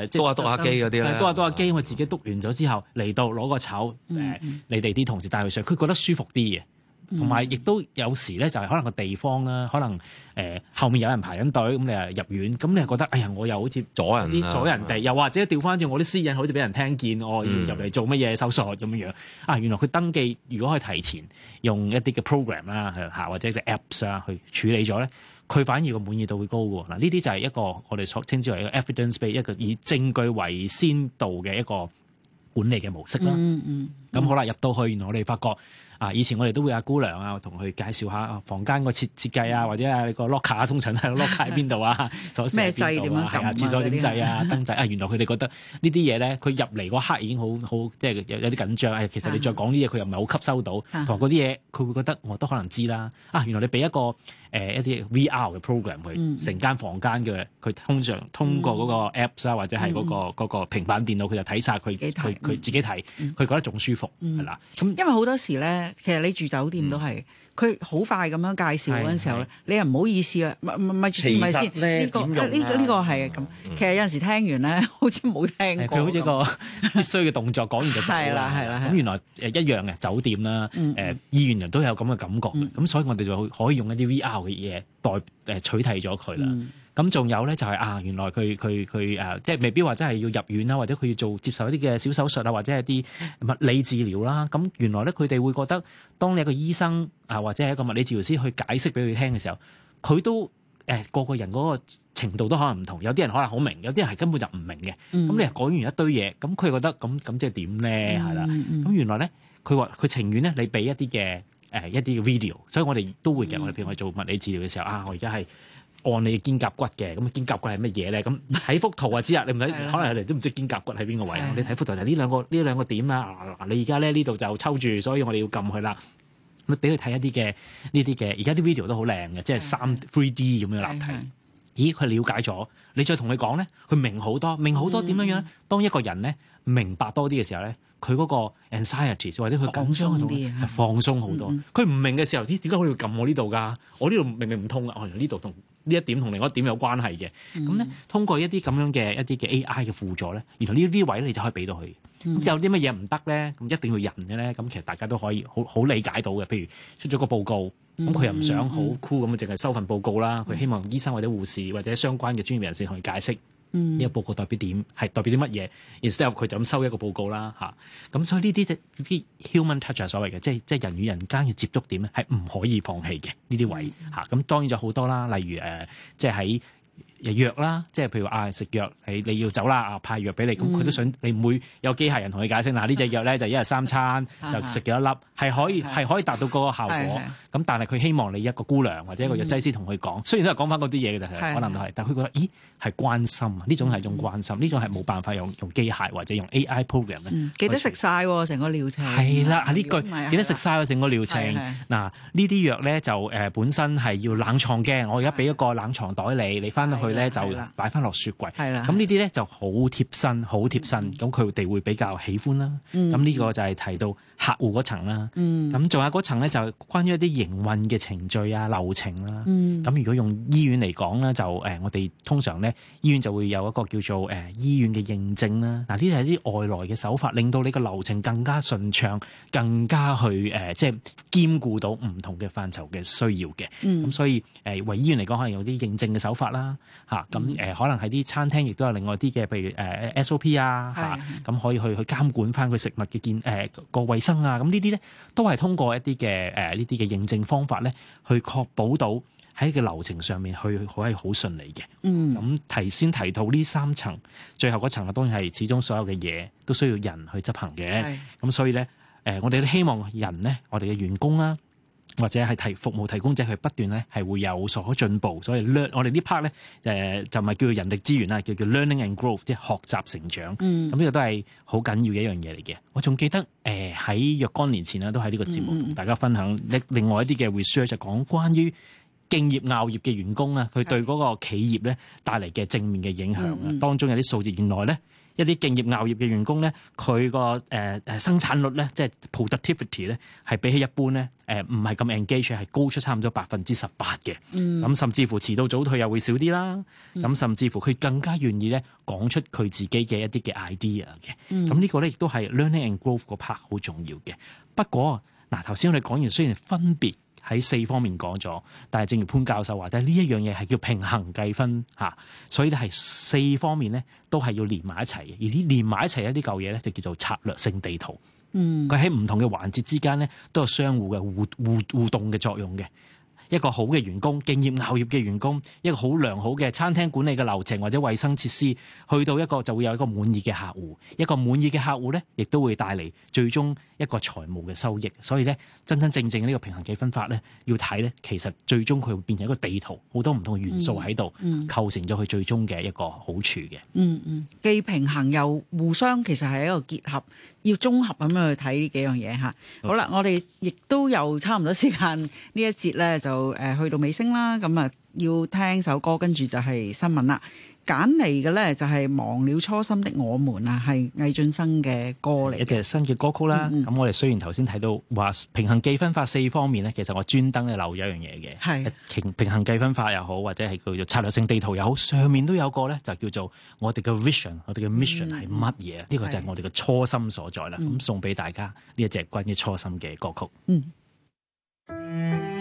即係篤下篤下機嗰啲咧，篤下篤下機。我自己督完咗之後嚟到攞個籌誒，呃嗯、你哋啲同事帶佢上，佢覺得舒服啲嘅。同埋亦都有時咧，就係可能個地方啦，可能誒、呃、後面有人排緊隊，咁你又入院，咁你又覺得哎呀，我又好似阻，阻人，阻人哋，又或者調翻轉我啲私隱好似俾人聽見，我入嚟做乜嘢搜索。」咁樣樣啊？原來佢登記如果可以提前用一啲嘅 program 啦嚇，或者嘅 apps 啊去處理咗咧。佢反而個滿意度會高喎。嗱，呢啲就係一個我哋所稱之為一個 evidence base，一個以證據為先導嘅一個管理嘅模式啦。咁、嗯嗯、好啦，入到去原來我哋發覺啊，以前我哋都會阿姑娘啊，同佢介紹下、啊、房間個設設計啊，或者啊個 locker 啊，通常喺 locker 邊度啊，鎖 (laughs) 匙喺邊度啊，廁所點制啊， (laughs) 燈仔啊，原來佢哋覺得呢啲嘢咧，佢入嚟嗰刻已經好好，即、就、係、是、有有啲緊張、啊。其實你再講啲嘢，佢又唔係好吸收到，同埋嗰啲嘢，佢會覺得我都可能知啦、啊。啊，原來你俾一個。誒、呃、一啲 VR 嘅 program 佢成間房間嘅佢通常通過嗰個 apps 啊或者係嗰、嗰個、嗯、平板電腦佢就睇晒。佢佢佢自己睇佢覺得仲舒服係啦咁因為好多時咧其實你住酒店都係、嗯。佢好快咁樣介紹嗰陣時候咧，的你又唔好意思啊？唔唔唔，唔係先呢個呢、這個呢個係咁。嗯、其實有陣時聽完咧，嗯、好似冇聽過。佢好似個必須嘅動作，講完就做啦。係啦咁原來誒、呃、一樣嘅酒店啦，誒議員醫院人都有咁嘅感覺嘅。咁、嗯、所以我哋就可以用一啲 VR 嘅嘢代誒取締咗佢啦。嗯咁仲有咧就係啊，原來佢佢佢誒，即係未必話真係要入院啦，或者佢要做接受一啲嘅小手術啊，或者係啲物理治療啦。咁原來咧，佢哋會覺得，當你一個醫生啊，或者係一個物理治療師去解釋俾佢聽嘅時候，佢都誒個、呃、個人嗰個程度都可能唔同。有啲人可能好明，有啲人係根本就唔明嘅。咁、嗯、你講完一堆嘢，咁佢覺得咁咁即係點咧？係啦、嗯嗯，咁原來咧，佢話佢情願咧，你、呃、俾一啲嘅誒一啲嘅 video。所以我哋都會嘅，我哋譬如我做物理治療嘅時候啊，我而家係。按你肩胛骨嘅，咁啊肩胛骨係乜嘢咧？咁睇幅圖啊知啊，你唔使，可能有啲都唔知肩胛骨喺邊個位。你睇幅圖，就呢兩個呢兩個點啊！嗱，你而家咧呢度就抽住，所以我哋要撳佢啦。咁俾佢睇一啲嘅呢啲嘅，而家啲 video 都好靚嘅，即係三 three D 咁樣立體。的咦，佢了解咗，你再同佢講咧，佢明好多，明好多點樣樣咧？嗯、當一個人咧明白多啲嘅時候咧，佢嗰個 anxiety 或者佢緊張嗰種就放鬆好多。佢唔明嘅時候，咦？點解、嗯嗯、我要撳我呢度噶？我呢度明明唔痛啊！我嚟呢度痛。啊啊啊啊啊啊呢一點同另一點有關係嘅，咁咧、嗯、通過一啲咁樣嘅一啲嘅 AI 嘅輔助咧，然後呢啲位咧你就可以俾到佢。咁、嗯、有啲乜嘢唔得咧？咁一定要人嘅咧，咁其實大家都可以好好理解到嘅。譬如出咗個報告，咁佢又唔想好 cool 咁，淨係收份報告啦。佢希望醫生或者護士或者相關嘅專業人士同佢解釋。呢、嗯、個報告代表點，係代表啲乜嘢？Instead of 佢就咁收一個報告啦，嚇、啊。咁所以呢啲就係啲 human touch 所謂嘅，即係即係人與人間嘅接觸點咧，係唔可以放棄嘅呢啲位嚇。咁、嗯啊、當然就好多啦，例如誒、呃，即係喺。藥啦，即係譬如啊，食藥你你要走啦，啊派藥俾你，咁佢都想你唔會有機械人同你解釋嗱，呢隻藥咧就一日三餐就食咗一粒，係可以係可以達到嗰個效果，咁但係佢希望你一個姑娘或者一個藥劑師同佢講，雖然都係講翻嗰啲嘢嘅就係，可能都係，但佢覺得咦係關心啊，呢種係一種關心，呢種係冇辦法用用機械或者用 AI program 咧，記得食曬成個療程？係啦，呢句記得食曬成個療程？嗱呢啲藥咧就誒本身係要冷藏嘅，我而家俾一個冷藏袋你，你翻到去。咧就擺翻落雪櫃，咁呢啲咧就好貼身，好貼身，咁佢哋會比較喜歡啦。咁呢個就係提到。 (noise) 嗯 (noise) 客戶嗰、嗯、層啦，咁仲有嗰層咧就係關於一啲營運嘅程序啊，流程啦、啊。嗯，咁如果用醫院嚟講咧，就誒、呃、我哋通常咧醫院就會有一個叫做誒、呃、醫院嘅認證啦。嗱呢啲係啲外來嘅手法，令到你個流程更加順暢，更加去誒即係兼顧到唔同嘅範疇嘅需要嘅。咁、呃、所、就是嗯、以誒為醫院嚟講可能有啲認證嘅手法啦。吓，咁誒可能係啲餐廳亦都有另外啲嘅，譬如誒 SOP、呃、啊，吓、啊，咁可以去去監管翻佢食物嘅健誒個衛生。啊，咁呢啲咧都係通過一啲嘅誒呢啲嘅認證方法咧，去確保到喺個流程上面去可以好順利嘅。嗯，咁提先提到呢三層，最後嗰層啊，當然係始終所有嘅嘢都需要人去執行嘅。咁是所以咧，誒、呃，我哋都希望人咧，我哋嘅員工啦、啊。或者係提服務提供者佢不斷咧係會有所進步，所以 learning 我哋呢 part 咧誒就咪叫做「人力資源」啦，叫叫 learning and growth 即係學習成長。咁呢個都係好緊要一樣嘢嚟嘅。我仲記得誒喺、呃、若干年前啦，都喺呢個節目同大家分享另另外一啲嘅 research 就講關於敬業熬業嘅員工啊，佢對嗰個企業咧帶嚟嘅正面嘅影響啊，嗯、當中有啲數字原來咧。一啲敬業樂業嘅員工咧，佢個誒誒生產率咧，即係 productivity 咧，係比起一般咧，誒、呃、唔係咁 engage 係高出差唔多百分之十八嘅。咁、嗯、甚至乎遲到早退又會少啲啦。咁、嗯、甚至乎佢更加願意咧講出佢自己嘅一啲嘅 idea 嘅。咁、嗯、呢個咧亦都係 learning and growth 個 part 好重要嘅。不過嗱，頭、啊、先我哋講完雖然分別。喺四方面講咗，但係正如潘教授話齋，呢一樣嘢係叫平衡計分卡，所以咧係四方面咧都係要連埋一齊嘅，而呢連埋一齊咧呢嚿嘢咧就叫做策略性地圖。嗯，佢喺唔同嘅環節之間咧都有相互嘅互互互動嘅作用嘅。一個好嘅員工，敬業嘔業嘅員工，一個好良好嘅餐廳管理嘅流程或者衛生設施，去到一個就會有一個滿意嘅客戶，一個滿意嘅客戶咧，亦都會帶嚟最終一個財務嘅收益。所以咧，真真正正呢個平衡計分法咧，要睇咧，其實最終佢會變成一個地圖，好多唔同嘅元素喺度構成咗佢最終嘅一個好處嘅。嗯嗯，既平衡又互相，其實係一個結合。.要綜合咁樣去睇呢幾樣嘢嚇。Okay. 好啦，我哋亦都有差唔多時間呢一節咧，就誒去到尾聲啦，咁啊。要聽首歌，跟住就係新聞啦。揀嚟嘅咧就係、是《忘了初心的我們》啊，係魏俊生嘅歌嚟嘅新嘅歌曲啦。咁、嗯、我哋雖然頭先睇到話平衡計分法四方面咧，其實我專登咧留咗一樣嘢嘅，係是平衡計分法又好，或者係叫做策略性地圖又好，上面都有個咧就叫做我哋嘅 vision、嗯、我哋嘅 mission 係乜嘢？呢個就係我哋嘅初心所在啦。咁是送俾大家呢一隻關於初心嘅歌曲。嗯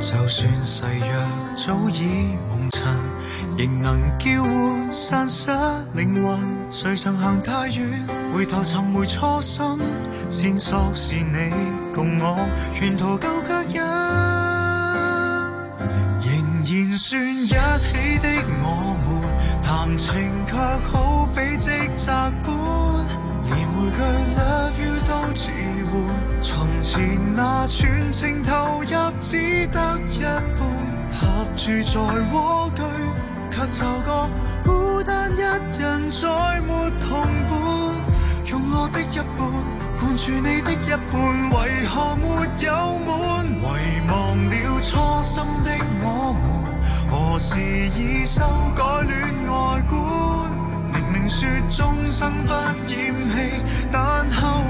就算誓約早已蒙塵，仍能叫喚散失靈魂。誰曾行太遠，回頭尋回初心。線索是你共我，沿途夠腳印，仍然算一起的我們，談情卻好比職責般，連回句 love you 都似。從前那全情投入只得一半，合住在蝸居，卻就覺孤單一人再沒同伴。用我的一半伴住你的一半，為何沒有滿？遺忘了初心的我們，何時已修改戀愛觀？明明說終生不嫌棄，但後。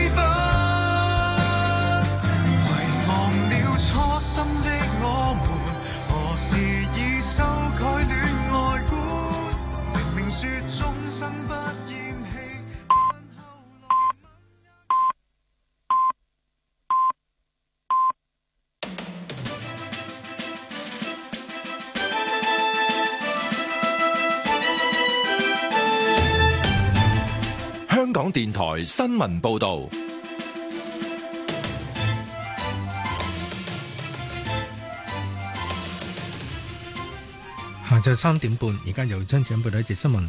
新聞報道。下晝三點半，而家由親仔報道一節新聞。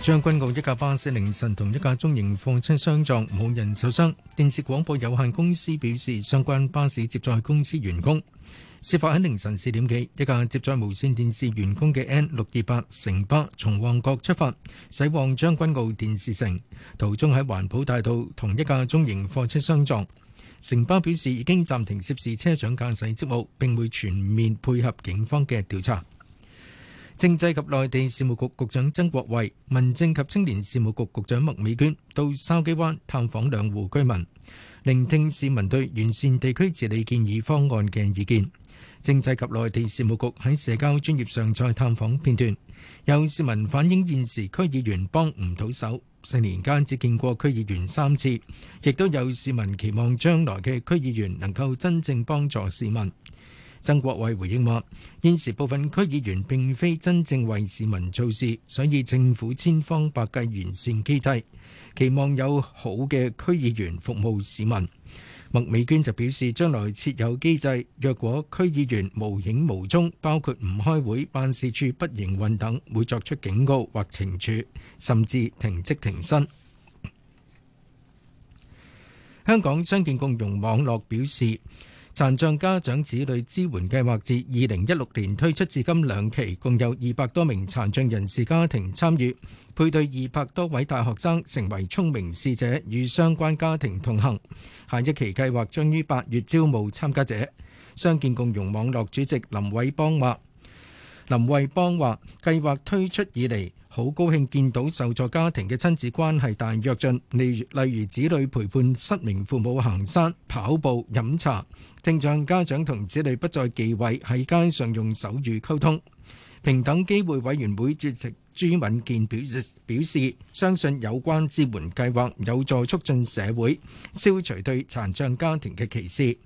將軍澳一架巴士凌晨同一架中型貨車相撞，冇人受傷。電視廣播有限公司表示，相關巴士接載公司員工。事發喺凌晨四點幾，一架接載無線電視員工嘅 N 六二八城巴從旺角出發，駛往將軍澳電視城，途中喺環保大道同一架中型貨車相撞。城巴表示已經暫停涉事車長駕駛職務，並會全面配合警方嘅調查。政制及內地事務局局長曾國衛、民政及青年事務局局長麥美娟到筲箕灣探訪兩戶居民，聆聽市民對完善地區治理建議方案嘅意見。政制及內地事務局喺社交專業上再探訪片段，有市民反映現時區議員幫唔到手，四年間只見過區議員三次，亦都有市民期望將來嘅區議員能夠真正幫助市民。曾國偉回應話：現時部分區議員並非真正為市民做事，所以政府千方百計完善機制，期望有好嘅區議員服務市民。麥美娟就表示，將來設有機制，若果區議員無影無蹤，包括唔開會、辦事處不營運等，會作出警告或懲處，甚至停職停薪。香港商建共融網絡表示。殘障家長子女支援計劃自二零一六年推出至今兩期，共有二百多名殘障人士家庭參與配對，二百多位大學生成為聰明視者，與相關家庭同行。下一期計劃將於八月招募參加者。相見共融網絡主席林偉邦話，林偉邦話，計劃推出以嚟好高興見到受助家庭嘅親子關係大躍進，例如例如子女陪伴失明父母行山、跑步、飲茶。聽障家長同子女不再忌諱，喺街上用手語溝通。平等機會委員會主席朱敏健表示表示，相信有關支援計劃有助促進社會消除對殘障家庭嘅歧視。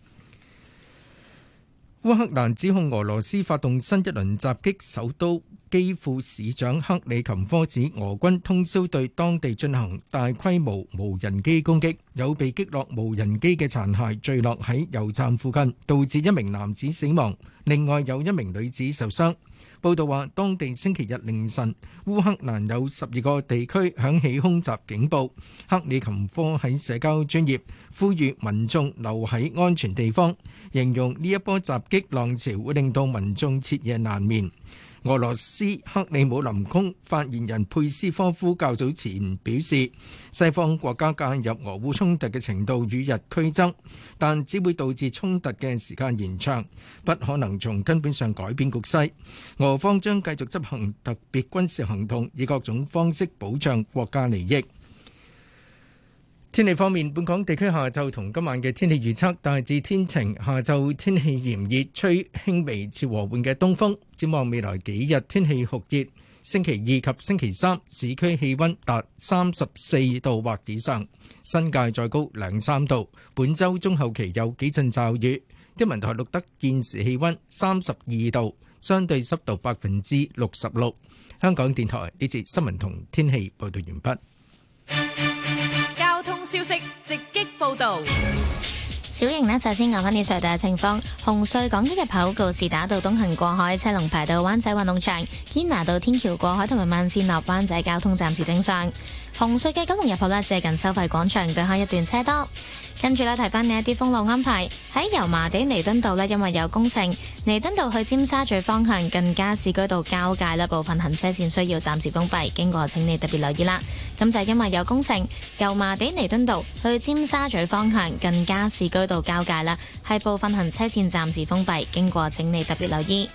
烏克蘭指控俄羅斯發動新一輪襲擊首都。基輔市長克里琴科指，俄軍通宵對當地進行大規模無人機攻擊，有被擊落無人機嘅殘骸墜落喺油站附近，導致一名男子死亡，另外有一名女子受傷。報道話，當地星期日凌晨，烏克蘭有十二個地區響起空襲警報。克里琴科喺社交專頁呼籲民眾留喺安全地方，形容呢一波襲擊浪潮會令到民眾徹夜難眠。俄羅斯克里姆林宮發言人佩斯科夫較早前表示，西方國家介入俄烏衝突嘅程度與日俱增，但只會導致衝突嘅時間延長，不可能從根本上改變局勢。俄方將繼續執行特別軍事行動，以各種方式保障國家利益。天氣方面，本港地區下晝同今晚嘅天氣預測大致天晴，下晝天氣炎熱，吹輕微至和緩嘅東風。展望未來幾日天氣酷熱，星期二及星期三市區氣溫達三十四度或以上，新界再高兩三度。本周中後期有幾陣驟雨。天文台錄得現時氣溫三十二度，相對濕度百分之六十六。香港電台呢節新聞同天氣報道完畢。消息直擊報道，小瑩呢，首先講返你隧道嘅情況，紅隧港島入口告士打道東行過海，車龍排到灣仔運動場，堅拿道天橋過海同埋慢綫落灣仔，交通暫時正常，紅隧嘅九龍入口呢，接近收費廣場對開一段車多。跟住咧，提翻你一啲封路安排。喺油麻地彌敦道呢，因為有工程，彌敦道去尖沙咀方向，更加士居道交界啦，部分行車線需要暫時封閉，經過請你特別留意啦。咁就係因為有工程，油麻地彌敦道去尖沙咀方向，更加士居道交界啦，係部分行車線暫時封閉，經過請你特別留意。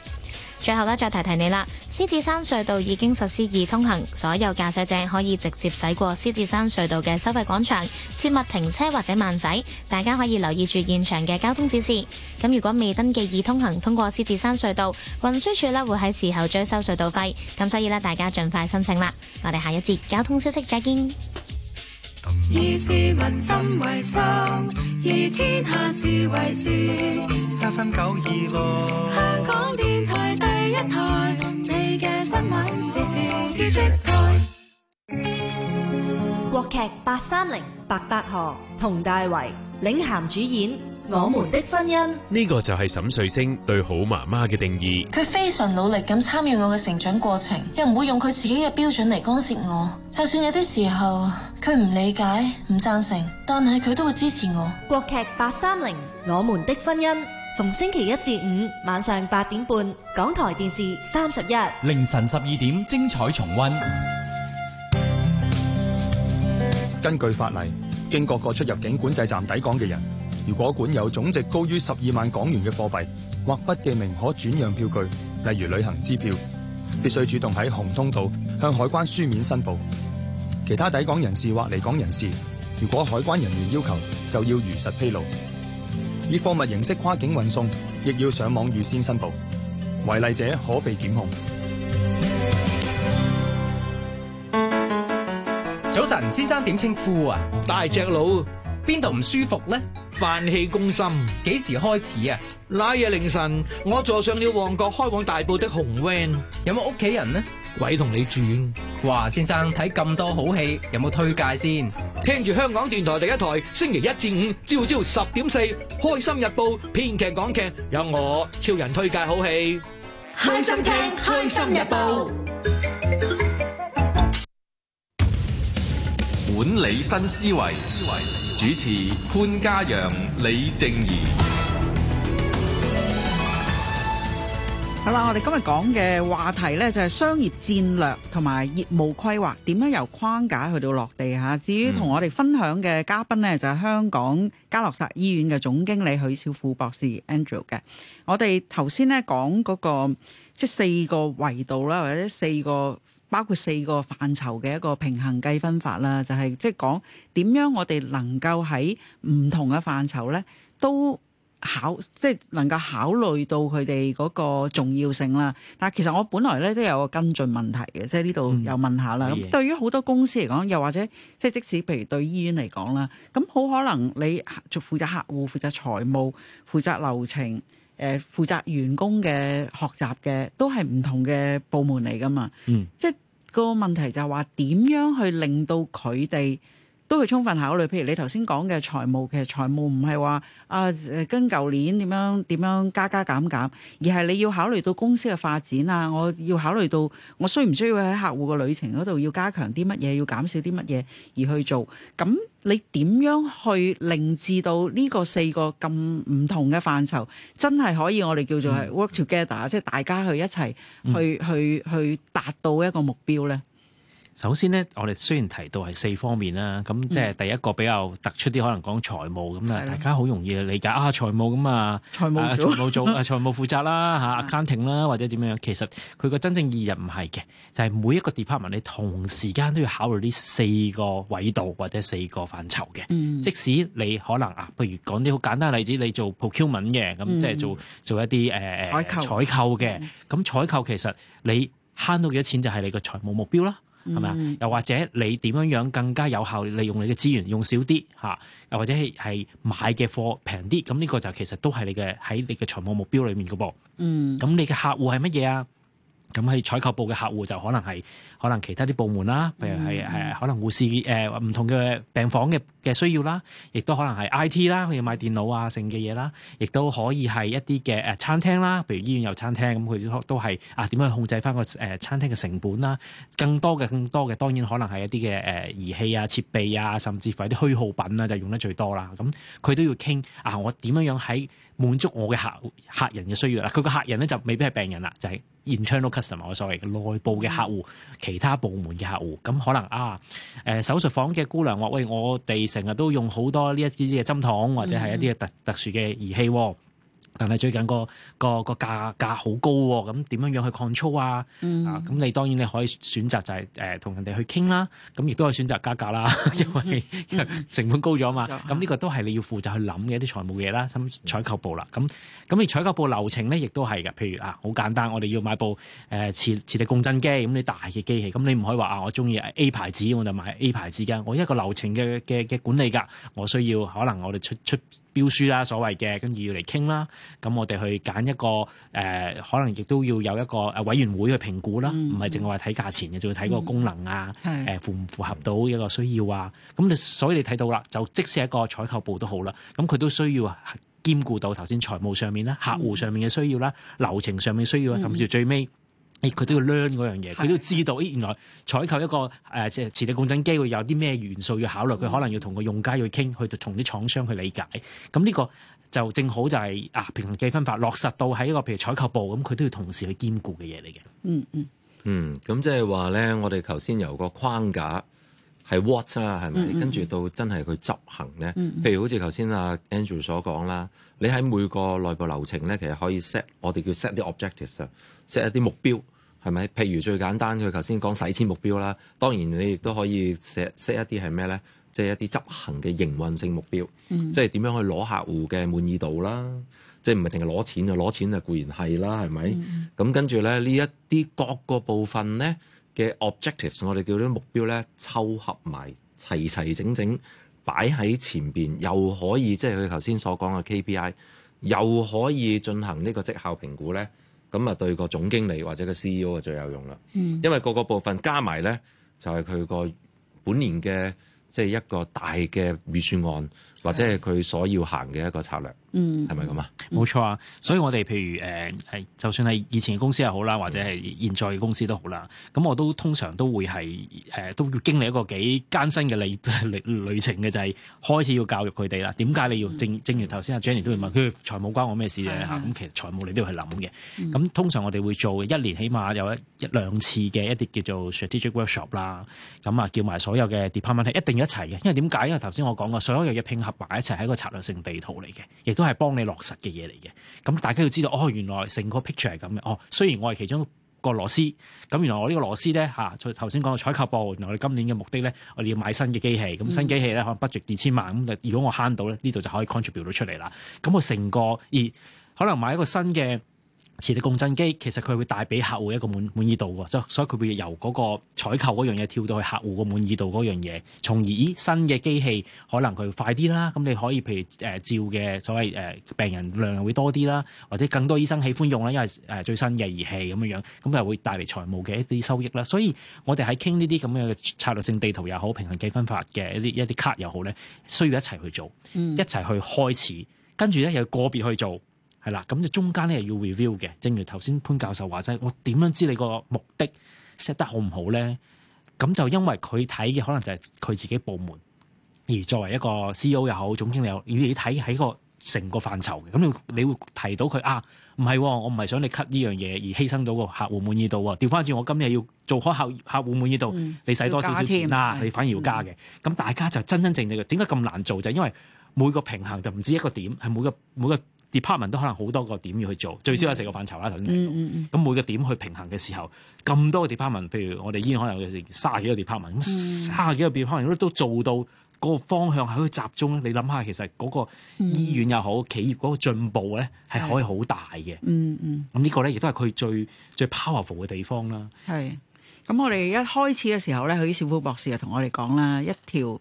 最後咧，再提提你啦。獅子山隧道已經實施易通行，所有駕駛者可以直接駛過獅子山隧道嘅收費廣場，切勿停車或者慢駛。大家可以留意住現場嘅交通指示。咁如果未登記易通行通過獅子山隧道，運輸署咧會喺事後追收隧道費。咁所以咧，大家盡快申請啦。我哋下一節交通消息再見。以市民心為心，以天下事為事。八分九二六，香港電台第一台，你嘅新聞時事知識台。國劇八三零，白百何、佟大為領銜主演。我們的婚姻呢個就係沈瑞星對好媽媽嘅定義。佢非常努力咁參與我嘅成長過程，又唔會用佢自己嘅標準嚟干涉我。就算有啲時候佢唔理解，唔贊成，但係佢都會支持我。國劇八三零《我們的婚姻》，逢星期一至五晚上八點半，港台電視三十一，凌晨十二點精彩重溫。根據法例，經過各出入境管制站抵港嘅人，如果管有總值高於十二萬港元嘅貨幣或不記名可轉讓票據，例如旅行支票，必須主動喺紅通道向海關書面申報。其他抵港人士或離港人士，如果海關人員要求，就要如實披露。以貨物形式跨境運送，亦要上網預先申報，違例者可被檢控。早晨，先生點稱呼啊？大隻佬。邊度唔舒服呢？飯氣攻心，幾時開始啊？那夜凌晨，我坐上了旺角開往大埔的紅 van，有冇屋企人呢？鬼同你轉哇！先生睇咁多好戲，有冇推介先？聽住香港電台第一台，星期一至五朝朝十點四，開心日報編劇港劇，有我超人推介好戲，開心聽開心日報，管理新思維。主持潘嘉陽、李靜宜。好啦，我哋今日講嘅話題呢，就係商業戰略同埋業務規劃，點樣由框架去到落地吓。至於同我哋分享嘅嘉賓呢，就係香港嘉諾撒醫院嘅總經理許小虎博士 Andrew 嘅。我哋頭先呢講嗰個即係四個維度啦，或者四個。包括四個範疇嘅一個平衡計分法啦，就係即係講點樣我哋能夠喺唔同嘅範疇咧，都考即係能夠考慮到佢哋嗰個重要性啦。但係其實我本來咧都有個跟進問題嘅，即係呢度有問下啦。咁、嗯、對於好多公司嚟講，又或者即係即使譬如對醫院嚟講啦，咁好可能你就負責客戶、負責財務、負責流程、誒、呃、負責員工嘅學習嘅，都係唔同嘅部門嚟噶嘛。嗯，即係。個問題就係話點樣去令到佢哋？都去充分考慮，譬如你頭先講嘅財務，其實財務唔係話啊，誒跟舊年點樣點樣加加減減，而係你要考慮到公司嘅發展啊，我要考慮到我需唔需要喺客戶嘅旅程嗰度要加強啲乜嘢，要減少啲乜嘢而去做。咁你點樣去令至到呢個四個咁唔同嘅範疇，真係可以我哋叫做係 work together，、mm. 即係大家去一齊去、mm. 去去達到一個目標咧？首先咧，我哋雖然提到係四方面啦，咁即係第一個比較突出啲，可能講財務咁啊，嗯、大家好容易理解啊。財務咁務啊，財務做啊， (laughs) 財務負責啦嚇，accounting 啦，啊、acc ing，或者點樣？其實佢個真正意義唔係嘅，就係、是、每一個 department 你同時間都要考慮呢四個維度或者四個範疇嘅。嗯、即使你可能啊，譬如講啲好簡單例子，你做 procurement 嘅咁，嗯、即係做做一啲誒、啊、採購嘅咁，採購，採購其實你慳到幾多錢就係你個財務目標啦。係咪啊？又或者你點樣樣更加有效利用你嘅資源，用少啲吓？又或者係買嘅貨平啲，咁呢個就其實都係你嘅喺你嘅財務目標裏面嘅噃。嗯，咁你嘅客戶係乜嘢啊？咁係採購部嘅客戶就可能係。可能其他啲部門啦，譬如係係、嗯、可能護士誒唔、呃、同嘅病房嘅嘅需要啦，亦都可能係 IT 啦，佢要買電腦啊成嘅嘢啦，亦都可以係一啲嘅誒餐廳啦，譬如醫院有餐廳，咁、嗯、佢都都係啊點樣控制翻個誒、呃、餐廳嘅成本啦？更多嘅更多嘅，當然可能係一啲嘅誒儀器啊、設備啊，甚至乎一啲虛耗品啊，就用得最多啦。咁、嗯、佢都要傾啊，我點樣樣喺滿足我嘅客客人嘅需要啦？佢個客人咧就未必係病人啦，就係、是、Internal customer，我所謂嘅內部嘅客戶其他部門嘅客戶咁可能啊，誒、呃、手術房嘅姑娘話：喂，我哋成日都用好多呢一啲嘅針筒，或者係一啲嘅特特殊嘅儀器喎、哦。但係最近個個個價格好高喎、啊，咁點樣樣去 control 啊？嗯、啊，咁你當然你可以選擇就係誒同人哋去傾啦、啊，咁亦都可以選擇加價啦，因為，因為成本高咗啊嘛。咁呢、嗯嗯嗯啊、個都係你要負責去諗嘅一啲財務嘢啦，咁採購部啦。咁咁而採購部流程咧，亦都係嘅。譬如啊，好簡單，我哋要買部誒、呃、磁磁力共振機，咁、嗯、你大嘅機器，咁、嗯、你唔可以話啊，我中意 A 牌子我就買 A 牌子嘅，我一個流程嘅嘅嘅管理噶，我需要可能我哋出出，出，出，出標書啦，所謂嘅，跟住要嚟傾啦，咁我哋去揀一個誒、呃，可能亦都要有一個委員會去評估啦，唔係淨係話睇價錢嘅，仲要睇個功能啊，誒、嗯呃、符唔符合到一個需要啊，咁你、嗯、所以你睇到啦，就即使係一個採購部都好啦，咁佢都需要啊兼顧到頭先財務上面啦、客戶上面嘅需要啦、嗯、流程上面需要啊，甚至最尾。嗯佢都要 learn 嗰樣嘢，佢都要知道，原來採購一個誒即係磁力共振機會有啲咩元素要考慮，佢、嗯、可能要同個用家去傾，去同啲廠商去理解。咁呢個就正好就係啊平衡計分法落實到喺一個譬如採購部咁，佢都要同時去兼顧嘅嘢嚟嘅。嗯嗯嗯，咁即係話咧，我哋頭先由個框架係 what 啦，係咪？嗯、跟住到真係去執行咧。譬、嗯、如好似頭先阿 Andrew 所講啦，你喺每個內部流程咧，其實可以 set 我哋叫 set 啲 objectives，set 一啲目標。係咪？譬如最簡單，佢頭先講使錢目標啦。當然你亦都可以 set set 一啲係咩咧？即係一啲執行嘅營運性目標。嗯、即係點樣去攞客戶嘅滿意度啦？即係唔係淨係攞錢就攞錢就固然係啦，係咪？咁、嗯、跟住咧，呢一啲各個部分咧嘅 objectives，我哋叫啲目標咧，湊合埋齊齊整整擺喺前邊，又可以即係佢頭先所講嘅 KPI，又可以進行呢個績效評估咧。咁啊，對個總經理或者個 CEO 啊最有用啦，嗯、因為各個部分加埋咧，就係佢個本年嘅即係一個大嘅預算案。或者係佢所要行嘅一個策略，係咪咁啊？冇錯啊！所以我哋譬如誒係，就算係以前嘅公司又好啦，或者係現在嘅公司都好啦。咁、mm, 我都通常都會係誒都要經歷一個幾艱辛嘅旅旅程嘅，就係開始要教育佢哋啦。點解你要、mm, 正正如頭先阿 Jenny 都會問，佢、mm, 財務關我咩事嘅？嚇、mm, 啊？咁其實財務你都要去諗嘅。咁通常我哋會做一年起碼有一一兩次嘅一啲叫做 strategic workshop 啦。咁啊叫埋所有嘅 department 係一定要一齊嘅，因為點解？因為頭先我講過，所有嘢要拼合。埋一齊係一個策略性地圖嚟嘅，亦都係幫你落實嘅嘢嚟嘅。咁大家要知道，哦，原來成個 picture 係咁嘅。哦，雖然我係其中個螺絲，咁原來我呢個螺絲咧吓，頭先講到採購部，原來我哋今年嘅目的咧，我哋要買新嘅機器，咁新機器咧，可能 budget 二千萬，咁就如果我慳到咧，呢度就可以 contribute 出嚟啦。咁我成個而可能買一個新嘅。磁力共振機，其實佢會帶俾客戶一個滿滿意度喎，所以佢會由嗰個採購嗰樣嘢跳到去客戶個滿意度嗰樣嘢，從而咦新嘅機器可能佢會快啲啦，咁你可以譬如誒照嘅所謂誒病人量會多啲啦，或者更多醫生喜歡用啦，因為誒最新嘅儀器咁樣樣，咁又會帶嚟財務嘅一啲收益啦。所以我哋喺傾呢啲咁樣嘅策略性地圖又好，平衡計分法嘅一啲一啲卡又好咧，需要一齊去做，一齊去開始，跟住咧有個別去做。係啦，咁就、嗯、中間咧要 review 嘅。正如頭先潘教授話齋，我點樣知你個目的 set 得好唔好咧？咁就因為佢睇嘅可能就係佢自己部門，而作為一個 CEO 又好總經理又好，你睇喺個成個範疇嘅，咁你會你會提到佢啊？唔係、哦，我唔係想你 cut 呢樣嘢而犧牲到個客戶滿意度。調翻轉，我今日要做開客客戶滿意度，嗯、你使多少少，少錢啦、啊，嗯、你反而要加嘅。咁、嗯、大家就真真正正嘅點解咁難做？就因為每個平衡就唔止一個點，係每個每個。每個每個 department 都可能好多個點要去做，最少有四個範疇啦，咁、mm. 每個點去平衡嘅時候，咁多個 department，譬如我哋醫院，可能有成卅幾個 department，咁卅幾、mm. 個 department 都做到個方向喺度集中，你諗下，其實嗰個醫院又好，mm. 企業嗰個進步咧，係可以好大嘅。嗯嗯、mm.。咁呢個咧，亦都係佢最最 powerful 嘅地方啦。係。咁我哋一開始嘅時候咧，許小虎博士就同我哋講啦，一條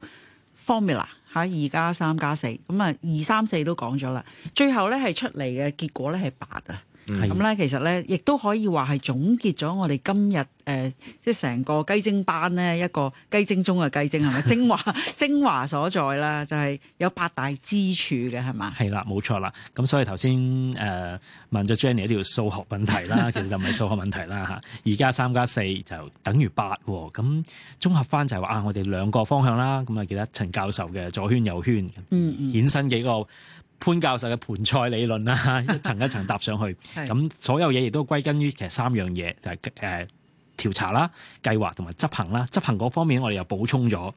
formula。嚇，二加三加四，咁啊，二三四都講咗啦。最後咧係出嚟嘅結果咧係八啊。咁咧，嗯、其實咧，亦都可以話係總結咗我哋今日誒，即係成個雞精班咧，一個雞精中嘅雞精，係咪精華 (laughs) 精華所在啦？就係、是、有八大支柱嘅係嘛？係啦，冇錯啦。咁所以頭先誒問咗 Jenny 一條數學問題啦，其實就唔係數學問題啦嚇。而家三加四就等於八喎。咁綜合翻就係、是、話啊，我哋兩個方向啦，咁啊記得陳教授嘅左圈右圈嗯、嗯衍生幾個。潘教授嘅盤菜理論啦， (laughs) 一層一層搭上去，咁 (laughs) 所有嘢亦都歸根於其實三樣嘢，就係誒調查啦、計劃同埋執行啦。執行嗰方面我，我哋又補充咗。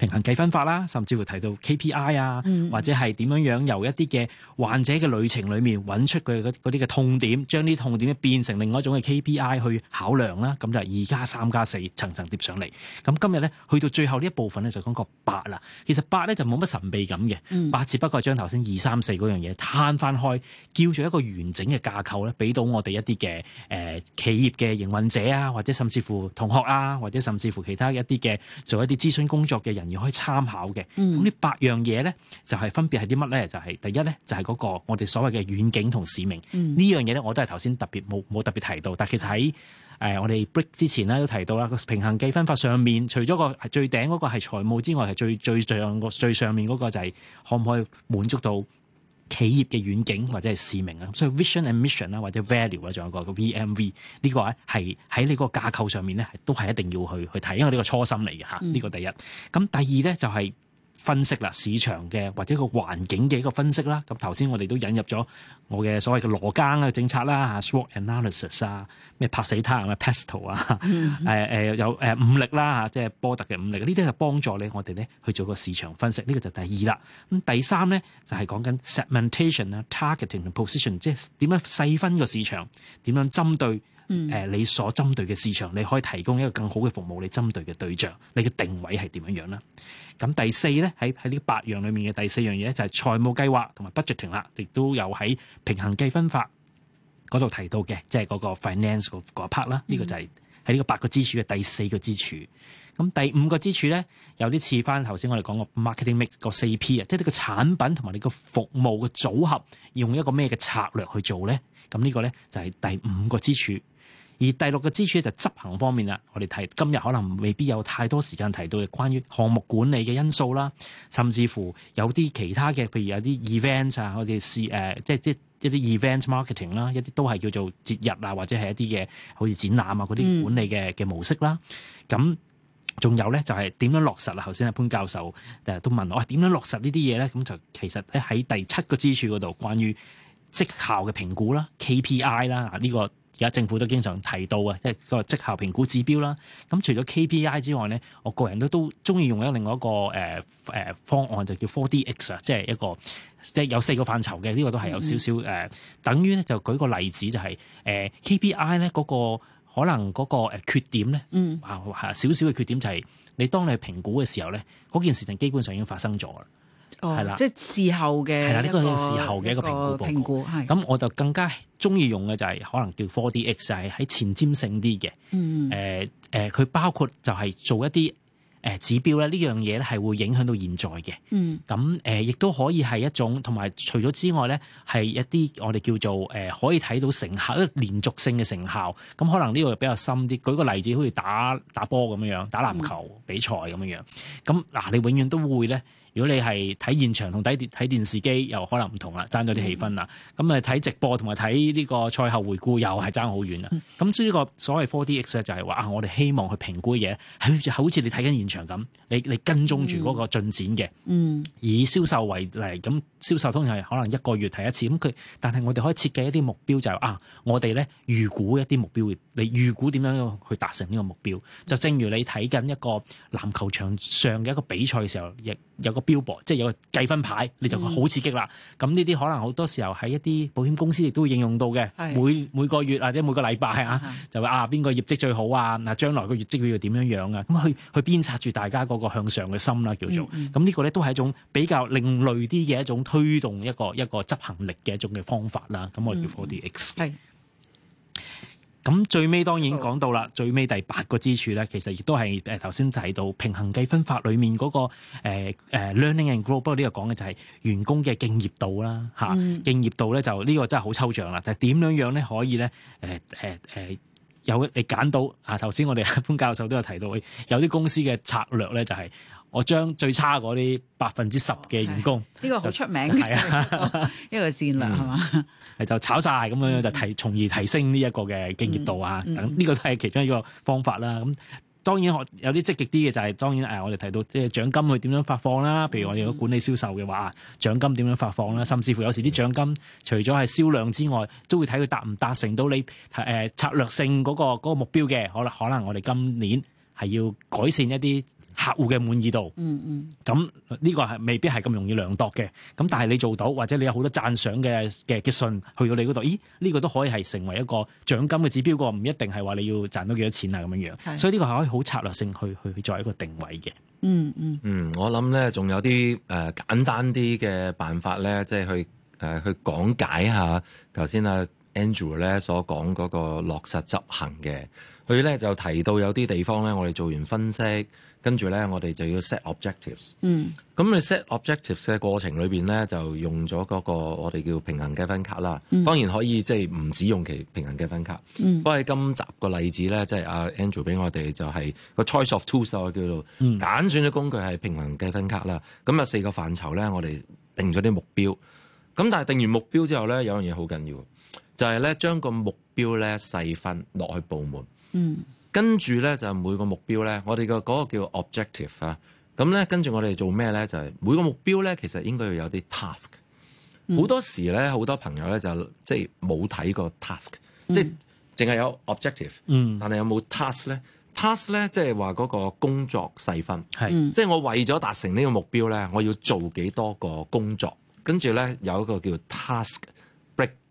平衡計分法啦，甚至乎提到 KPI 啊、嗯，或者係點樣樣由一啲嘅患者嘅旅程裏面揾出佢嗰啲嘅痛點，將啲痛點咧變成另外一種嘅 KPI 去考量啦。咁就係二加三加四，層層疊上嚟。咁今日咧去到最後呢一部分咧就講個八啦。其實八咧就冇乜神秘感嘅，八只不過係將頭先二三四嗰樣嘢攤翻開，叫做一個完整嘅架構咧，俾到我哋一啲嘅誒企業嘅營運者啊，或者甚至乎同學啊，或者甚至乎其他一啲嘅做一啲諮詢工作嘅人。而可以參考嘅，咁呢、嗯、八樣嘢咧，就係、是、分別係啲乜咧？就係、是、第一咧，就係、是、嗰個我哋所謂嘅遠景同使命呢、嗯、樣嘢咧，我都係頭先特別冇冇特別提到。但係其實喺誒、呃、我哋 break 之前咧都提到啦，平衡計分法上面，除咗個最頂嗰個係財務之外，係最最上個最上面嗰個就係可唔可以滿足到？企業嘅遠景或者係使命啊，所以 vision and mission 啦，或者 value 啦，仲有個 VMV 呢個咧，係喺你個架構上面咧，都係一定要去去睇，因為呢個初心嚟嘅嚇，呢個、嗯、第一。咁第二咧就係、是。分析啦，市場嘅或者一個環境嘅一個分析啦。咁頭先我哋都引入咗我嘅所謂嘅羅庚嘅政策啦，啊，SWOT analysis 啊，咩拍死他咁嘅 PESTLE 啊，誒、hmm. 誒、呃、有誒五力啦嚇，即係波特嘅五力，呢啲就幫助你我哋咧去做個市場分析，呢、這個就第二啦。咁第三咧就係講緊 segmentation 啦，targeting 同 position，即係點樣細分個市場，點樣針對。誒，嗯、你所針對嘅市場，你可以提供一個更好嘅服務。你針對嘅對象，你嘅定位係點樣樣啦？咁第四咧，喺喺呢八樣裡面嘅第四樣嘢就係財務計劃同埋 budgeting 啦，亦都有喺平衡計分法嗰度提到嘅，即係嗰個 finance 嗰 part 啦。呢、嗯、個就係喺呢個八個支柱嘅第四個支柱。咁第五個支柱咧，有啲似翻頭先我哋講過個 marketing mix 個四 P 啊，即係呢個產品同埋你個服務嘅組合，用一個咩嘅策略去做咧？咁呢個咧就係、是、第五個支柱。而第六個支柱咧就執行方面啦，我哋提今日可能未必有太多時間提到嘅關於項目管理嘅因素啦，甚至乎有啲其他嘅，譬如有啲 event 啊、呃，或者試誒，即係一啲一啲 event marketing 啦，一啲都係叫做節日啊，或者係一啲嘅好似展覽啊嗰啲管理嘅嘅模式啦。咁仲、嗯、有咧就係、是、點樣落實啊？頭先阿潘教授誒都問我，點、哎、樣落實呢啲嘢咧？咁就其實喺喺第七個支柱嗰度，關於績效嘅評估啦、KPI 啦、這、呢個。而家政府都經常提到啊，即係個績效評估指標啦。咁除咗 KPI 之外咧，我個人都都鍾意用咗另外一個誒誒、呃呃、方案，就叫 4DX 啊，即係一個即係有四個範疇嘅呢、這個都係有少少誒、嗯呃。等於咧就舉個例子、就是，就、呃、係誒 KPI 咧、那、嗰個可能嗰個缺點咧，嗯啊少少嘅缺點就係、是、你當你去評估嘅時候咧，嗰件事情基本上已經發生咗啦。係啦，哦、的即係事後嘅係啦，呢個係事後嘅一個評估、估，評估係。咁我就更加中意用嘅就係可能叫 4DX，就係喺前瞻性啲嘅。嗯。誒誒、呃，佢、呃、包括就係做一啲誒指標咧，呢樣嘢咧係會影響到現在嘅。嗯。咁誒、呃，亦都可以係一種，同埋除咗之外咧，係一啲我哋叫做誒、呃，可以睇到成效，一啲連續性嘅成效。咁可能呢個比較深啲。舉個例子，好似打打波咁樣樣，打籃球比賽咁樣樣。咁嗱、嗯，你永遠都會咧。如果你係睇現場同睇睇電視機，又可能唔同啦，爭咗啲氣氛啦。咁誒睇直播同埋睇呢個賽後回顧又，又係爭好遠啦。咁所以呢個所謂 4DX 咧、就是，就係話啊，我哋希望去評估嘢，好似好似你睇緊現場咁，你你跟蹤住嗰個進展嘅。嗯。以銷售為例，咁、嗯、銷售通常可能一個月睇一次。咁佢，但係我哋可以設計一啲目標、就是，就係啊，我哋咧預估一啲目標，你預估點樣去達成呢個目標？就正如你睇緊一個籃球場上嘅一個比賽嘅時候，亦～有個標榜，即係有個計分牌，你就好刺激啦。咁呢啲可能好多時候喺一啲保險公司亦都會應用到嘅。的每每個月或者每個禮拜的啊，就話啊邊個業績最好啊？嗱，將來個業績要點樣樣啊？咁去去鞭策住大家嗰個向上嘅心啦，叫做咁、嗯、呢個咧都係一種比較另類啲嘅一種推動一個一個執行力嘅一種嘅方法啦。咁我哋叫 4DX。嗯。咁最尾當然講到啦，oh. 最尾第八個支柱咧，其實亦都係誒頭先提到平衡計分法裡面嗰、那個誒、呃、learning and growth，不過呢個講嘅就係員工嘅敬業度啦，嚇、啊、敬、嗯、業度咧就呢、這個真係好抽象啦，但係點樣樣咧可以咧誒誒誒有你揀到啊？頭先我哋潘教授都有提到，有啲公司嘅策略咧就係、是。我將最差嗰啲百分之十嘅員工唉，呢就個好出名嘅，一 (laughs) (laughs) 個戰略係嘛？係就炒晒，咁樣就提從而提升呢一個嘅敬業度啊！等呢個都係其中一個方法啦。咁當，就是、當然我有啲積極啲嘅就係當然誒，我哋提到即係獎金佢點樣發放啦。譬如我哋如果管理銷售嘅話，獎金點樣發放啦？甚至乎有時啲獎金除咗係銷量之外，都會睇佢達唔達成到你誒策略性嗰個目標嘅。可能可能我哋今年係要改善一啲，客戶嘅滿意度，嗯嗯，咁呢個係未必係咁容易量度嘅，咁但係你做到，或者你有好多讚賞嘅嘅嘅信去到你嗰度，咦？呢個都可以係成為一個獎金嘅指標，個唔一定係話你要賺到幾多錢啊咁樣樣，是所以呢個係可以好策略性去去作為一個定位嘅，嗯嗯嗯，我諗咧仲有啲誒簡單啲嘅辦法咧，即係去誒去講解下頭先阿 Andrew 咧所講嗰個落實執行嘅，佢咧就提到有啲地方咧，我哋做完分析。跟住咧，我哋就要 set objectives。嗯。咁你 set objectives 嘅過程裏邊咧，就用咗嗰個我哋叫平衡計分卡啦。嗯。當然可以即係唔止用其平衡計分卡。不過、嗯、喺今集個例子咧，即係阿 Angie 俾我哋就係、是、個 choice of tools 啊，叫做揀選嘅工具係平衡計分卡啦。咁、嗯、有四個範疇咧，我哋定咗啲目標。咁但係定完目標之後咧，有樣嘢好緊要，就係、是、咧將個目標咧細分落去部門。嗯。跟住咧就每個目標咧，我哋個嗰個叫 objective 啊。咁咧跟住我哋做咩咧？就係、是、每個目標咧，其實應該要有啲 task、嗯。好多時咧，好多朋友咧就即係冇睇過 task，即係淨係有 objective，但係有冇 task 咧？task 咧即係話嗰個工作細分，即係、嗯、我為咗達成呢個目標咧，我要做幾多個工作，跟住咧有一個叫 task。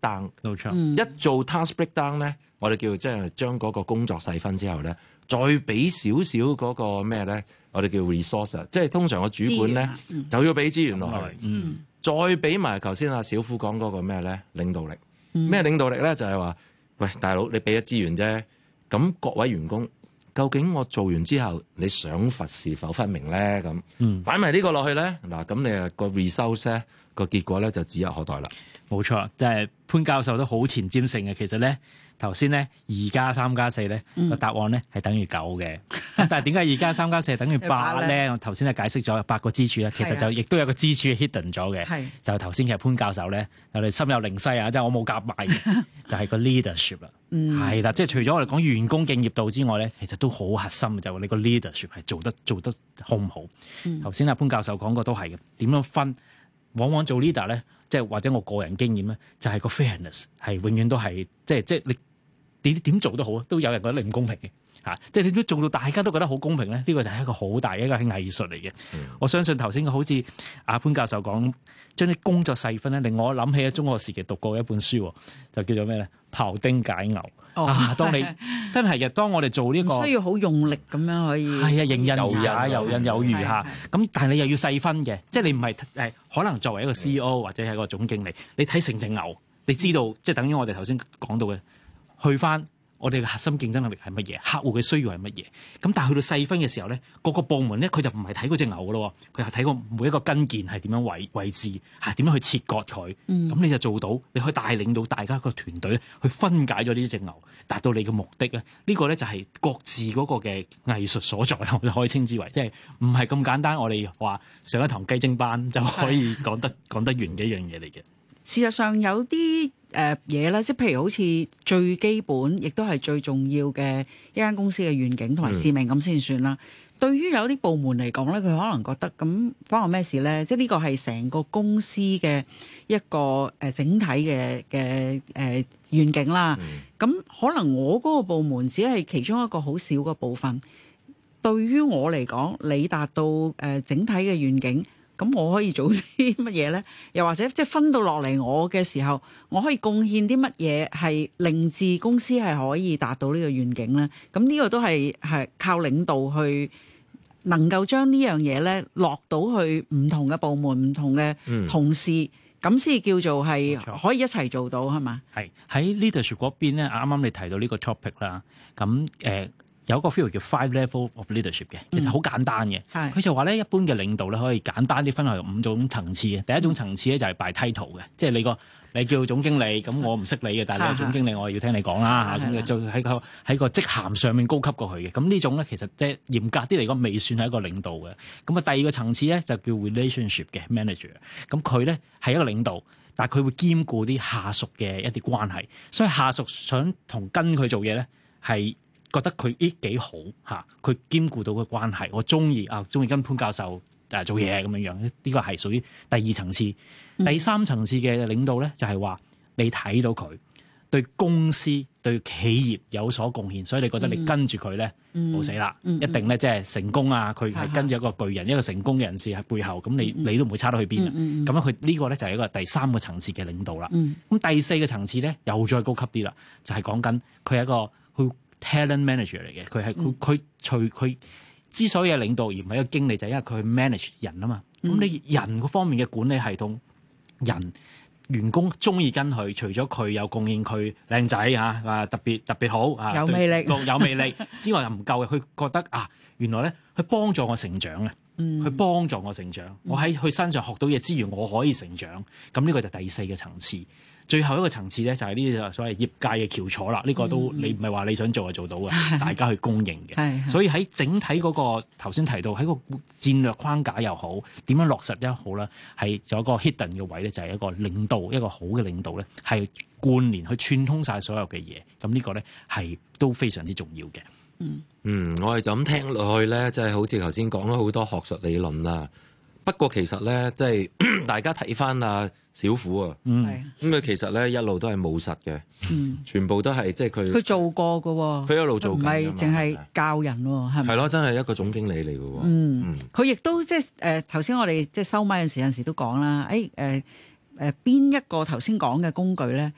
單冇錯，但嗯、一做 task breakdown 咧，我哋叫即係將嗰個工作細分之後咧，再俾少少嗰個咩咧，我哋叫 resource，即係通常個主管咧、嗯、就要俾資源落去，嗯、再俾埋頭先阿小虎講嗰個咩咧，領導力咩領導力咧就係、是、話，喂大佬你俾咗資源啫，咁各位員工究竟我做完之後你賞罰是否分明咧咁，擺埋呢個落去咧，嗱咁你個 resource 個結果咧就指日可待啦。冇錯，即係潘教授都好前瞻性嘅。其實咧，頭先咧二加三加四咧個答案咧係等於九嘅。 (laughs) 但係點解二加三加四等於八咧？呢我頭先都解釋咗八個支柱咧，的其實就亦都有個支柱 hidden 咗嘅。的就頭先其實潘教授咧，我哋心有靈犀啊，即係我冇夾埋嘅，就係個 leadership 啦。係啦，即係除咗我哋講員工敬業度之外咧，其實都好核心嘅，就係你個 leadership 係做得做得好唔好。頭先阿潘教授講過都係嘅，點樣分？往往，往做 leader 咧。即係或者我個人經驗咧，就係個 fairness 係永遠都係即係即係你點點做都好啊，都有人覺得你唔公平嘅。嚇！即係你都做到大家都覺得好公平咧？呢個就係一個好大嘅一個藝術嚟嘅。嗯、我相信頭先好似阿潘教授講，將啲工作細分咧，令我諗起喺中學時期讀過一本書，就叫做咩咧？庖丁解牛。哦、啊，當你 (laughs) 真係嘅，當我哋做呢、這個需要好用力咁樣可以，係啊、哎，迎刃而解，游刃、嗯、有餘嚇。咁、嗯、但係你又要細分嘅，即係你唔係誒？可能作為一個 CEO 或者係一個總經理，你睇成隻牛，你知道即係等於我哋頭先講到嘅，去返。我哋嘅核心競爭能力係乜嘢？客戶嘅需要係乜嘢？咁但係去到細分嘅時候咧，各個部門咧，佢就唔係睇嗰隻牛嘅咯，佢係睇個每一個根件係點樣位位置，係點樣去切割佢。咁、嗯、你就做到，你可以帶領到大家個團隊咧，去分解咗呢隻牛，達到你嘅目的咧。呢、這個咧就係各自嗰個嘅藝術所在，我哋可以稱之為，即係唔係咁簡單。我哋話上一堂雞精班就可以講得 (laughs) 講得完嘅一樣嘢嚟嘅。事實上有啲誒嘢咧，即係譬如好似最基本，亦都係最重要嘅一間公司嘅願景同埋使命咁先、mm. 算啦。對於有啲部門嚟講咧，佢可能覺得咁關我咩事咧？即係呢個係成個公司嘅一個誒、呃、整體嘅嘅誒願景啦。咁、mm. 可能我嗰個部門只係其中一個好少嘅部分。對於我嚟講，你達到誒、呃、整體嘅願景。咁我可以做啲乜嘢咧？又或者即係分到落嚟我嘅時候，我可以貢獻啲乜嘢係令至公司係可以達到個呢個願景咧？咁呢個都係係靠領導去能夠將呢樣嘢咧落到去唔同嘅部門、唔同嘅同事，咁先、嗯、叫做係可以一齊做到係嘛？係喺呢度 a 邊咧，啱啱嗎你提到呢個 topic 啦，咁、呃、誒。嗯有個 feel 叫 five level of leadership 嘅，其實好簡單嘅。佢、嗯、就話咧，一般嘅領導咧可以簡單啲分為五種層次嘅。第一種層次咧就係 by title 嘅，即係你個你叫總經理，咁我唔識你嘅，但係你係總經理，我，理我要聽你講啦。咁嘅的就喺個喺個職銜上面高級過佢嘅。咁呢種咧其實即係嚴格啲嚟講未算係一個領導嘅。咁啊，第二個層次咧就叫 relationship 嘅 manager，咁佢咧係一個領導，但係佢會兼顧啲下屬嘅一啲關係，所以下屬想同跟佢做嘢咧係。覺得佢啲幾好吓，佢兼顧到個關係，我中意啊，中意跟潘教授誒做嘢咁樣樣。呢個係屬於第二層次、嗯、第三層次嘅領導呢，就係、是、話你睇到佢對公司對企業有所貢獻，所以你覺得你跟住佢呢，冇、嗯、死啦，嗯嗯嗯、一定呢，即、就、係、是、成功啊。佢係跟住一個巨人，一個成功嘅人士喺背後咁，你你都唔會差得去邊啊。咁樣佢呢個咧就係一個第三個層次嘅領導啦。咁、嗯嗯、第四個層次呢，又再高級啲啦，就係講緊佢係一個去。talent manager 嚟嘅，佢係佢佢除佢之所以係領導而唔係一個經理，就係因為佢係 manage 人啊嘛。咁、嗯、你人嗰方面嘅管理系統，人員工中意跟佢，除咗佢有貢獻，佢靚仔吓啊，特別特別好啊，有魅力，有魅力之外又唔夠嘅，佢覺得啊，原來咧佢幫助我成長嘅，佢幫、嗯、助我成長，我喺佢身上學到嘢之餘，我可以成長。咁呢個就第四個層次。最後一個層次咧，就係啲所謂業界嘅翹楚啦。呢、嗯、個都你唔係話你想做就做到嘅， (laughs) 大家去公認嘅。 (laughs) 所以喺整體嗰、那個頭先提到喺個戰略框架又好，點樣落實又好啦，係仲有一個 hidden 嘅位咧，就係、是、一個領導，一個好嘅領導咧，係貫連去串通晒所有嘅嘢。咁、這個、呢個咧係都非常之重要嘅。嗯，嗯，我係咁聽落去咧，就係、是、好似頭先講咗好多學術理論啦。不過其實咧，即係大家睇翻阿小虎啊，咁佢、嗯嗯、其實咧一路都係務實嘅，嗯、全部都係即係佢佢做過嘅、哦，佢一路做緊，唔係淨係教人喎、哦，係咪？係咯，真係一個總經理嚟嘅喎。嗯，佢亦、嗯、都即係誒頭先我哋即係收米嗰陣時有時都講啦，誒誒誒邊一個頭先講嘅工具咧，誒、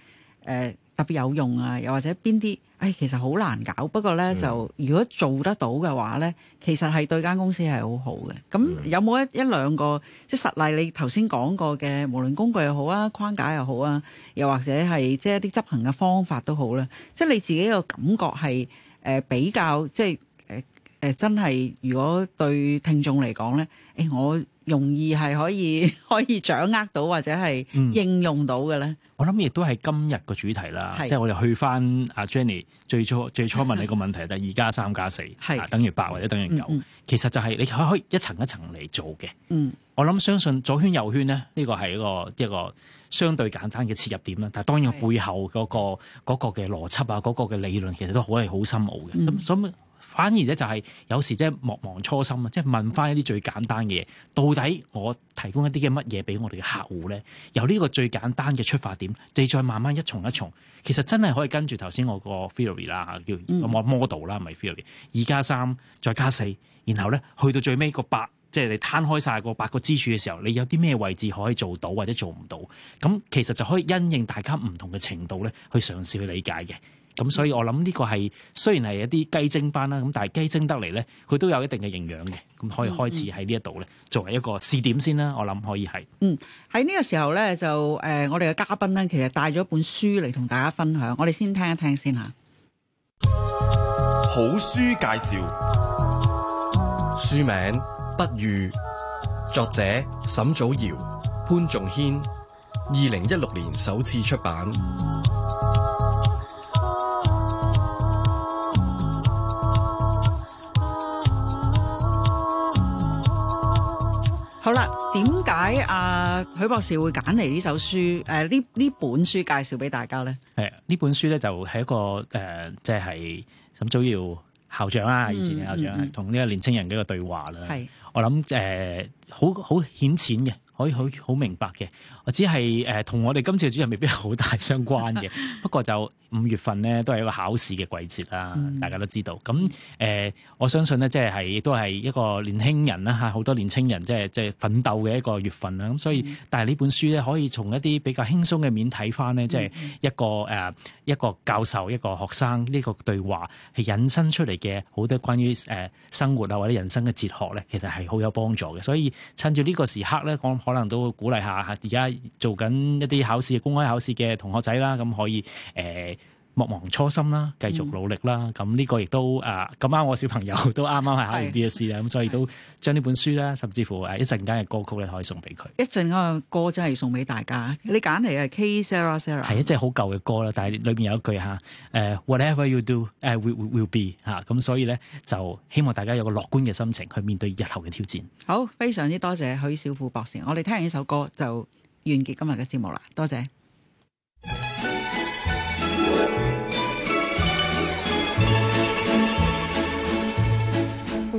呃、特別有用啊，又或者邊啲？誒、哎、其實好難搞，不過呢，嗯、就如果做得到嘅話呢，其實係對間公司係好好嘅。咁有冇一一兩個即實例？你頭先講過嘅，無論工具又好啊，框架又好啊，又或者係即一啲執行嘅方法都好啦。即你自己個感覺係誒、呃、比較即誒誒、呃、真係，如果對聽眾嚟講呢。誒、哎、我。容易係可以 (laughs) 可以掌握到或者係應用到嘅咧、嗯，我諗亦都係今日嘅主題啦，是即係我哋去翻阿 Jenny 最初 (laughs) 最初問你個問題，就係二加三加四係等於八或者等於九，嗯嗯、其實就係你可以一層一層嚟做嘅。嗯，我諗相信左圈右圈咧，呢個係一個一個相對簡單嘅切入點啦。但係當然背後嗰、嗰個是、嗯、個嘅邏輯啊，嗰、嗰個嘅理論其實都好係好深奧嘅。咁咁。嗯反而咧就係有時即係莫忘初心啊！即係問翻一啲最簡單嘅嘢，到底我提供一啲嘅乜嘢俾我哋嘅客戶咧？由呢個最簡單嘅出發點，你再慢慢一重一重，其實真係可以跟住頭先我個 theory 啦嚇，叫我 model 啦，唔係 theory。二加三再加四，然後咧去到最尾個八，即係你攤開晒個八個支柱嘅時候，你有啲咩位置可以做到或者做唔到？咁其實就可以因應大家唔同嘅程度咧，去嘗試去理解嘅。咁所以我諗呢個係雖然係一啲雞精班啦，咁但係雞精得嚟呢，佢都有一定嘅營養嘅，咁可以開始喺呢一度呢，作為一個試點先啦，我諗可以係。嗯，喺呢個時候呢，就誒、呃，我哋嘅嘉賓呢，其實帶咗本書嚟同大家分享，我哋先聽一聽先吓。好書介紹，書名《不如》，作者沈祖堯、潘仲謙，二零一六年首次出版。好啦，點解阿許博士會揀嚟呢首書？誒、呃，呢呢本書介紹俾大家咧？誒，呢本書咧就係一個誒，即、呃、係、就是、沈祖堯校長啦，以前嘅校長同呢、嗯嗯嗯、個年青人嘅一個對話啦。係是，我諗誒，好好顯淺嘅，可以好好明白嘅。我只係誒，同、呃、我哋今次嘅主任未必好大相關嘅， (laughs) 不過就。五月份咧都係一個考試嘅季節啦，大家都知道。咁誒、呃，我相信咧，即係係都係一個年輕人啦嚇，好多年輕人即係即係奮鬥嘅一個月份啦。咁所以，嗯、但係呢本書咧，可以從一啲比較輕鬆嘅面睇翻咧，即係一個誒、呃、一個教授一個學生呢個對話，係引申出嚟嘅好多關於誒生活啊或者人生嘅哲學咧，其實係好有幫助嘅。所以趁住呢個時刻咧，我可能都會鼓勵下而家做緊一啲考試嘅公開考試嘅同學仔啦，咁可以誒。呃莫忘初心啦，繼續努力啦。咁呢個亦都啊，咁啱我小朋友都啱啱係考完 DSE 啊，咁所以都將呢本書咧，甚至乎誒一陣間嘅歌曲咧，可以送俾佢。一陣間嘅歌真係送俾大家。你揀嚟係 K Sarah Sarah 係啊，一隻好舊嘅歌啦。但係裏面有一句嚇誒，whatever you do，誒，we will be 嚇。咁所以咧，就希望大家有個樂觀嘅心情去面對日後嘅挑戰。好，非常之多謝許小虎博士。我哋聽完呢首歌就完結今日嘅節目啦。多謝。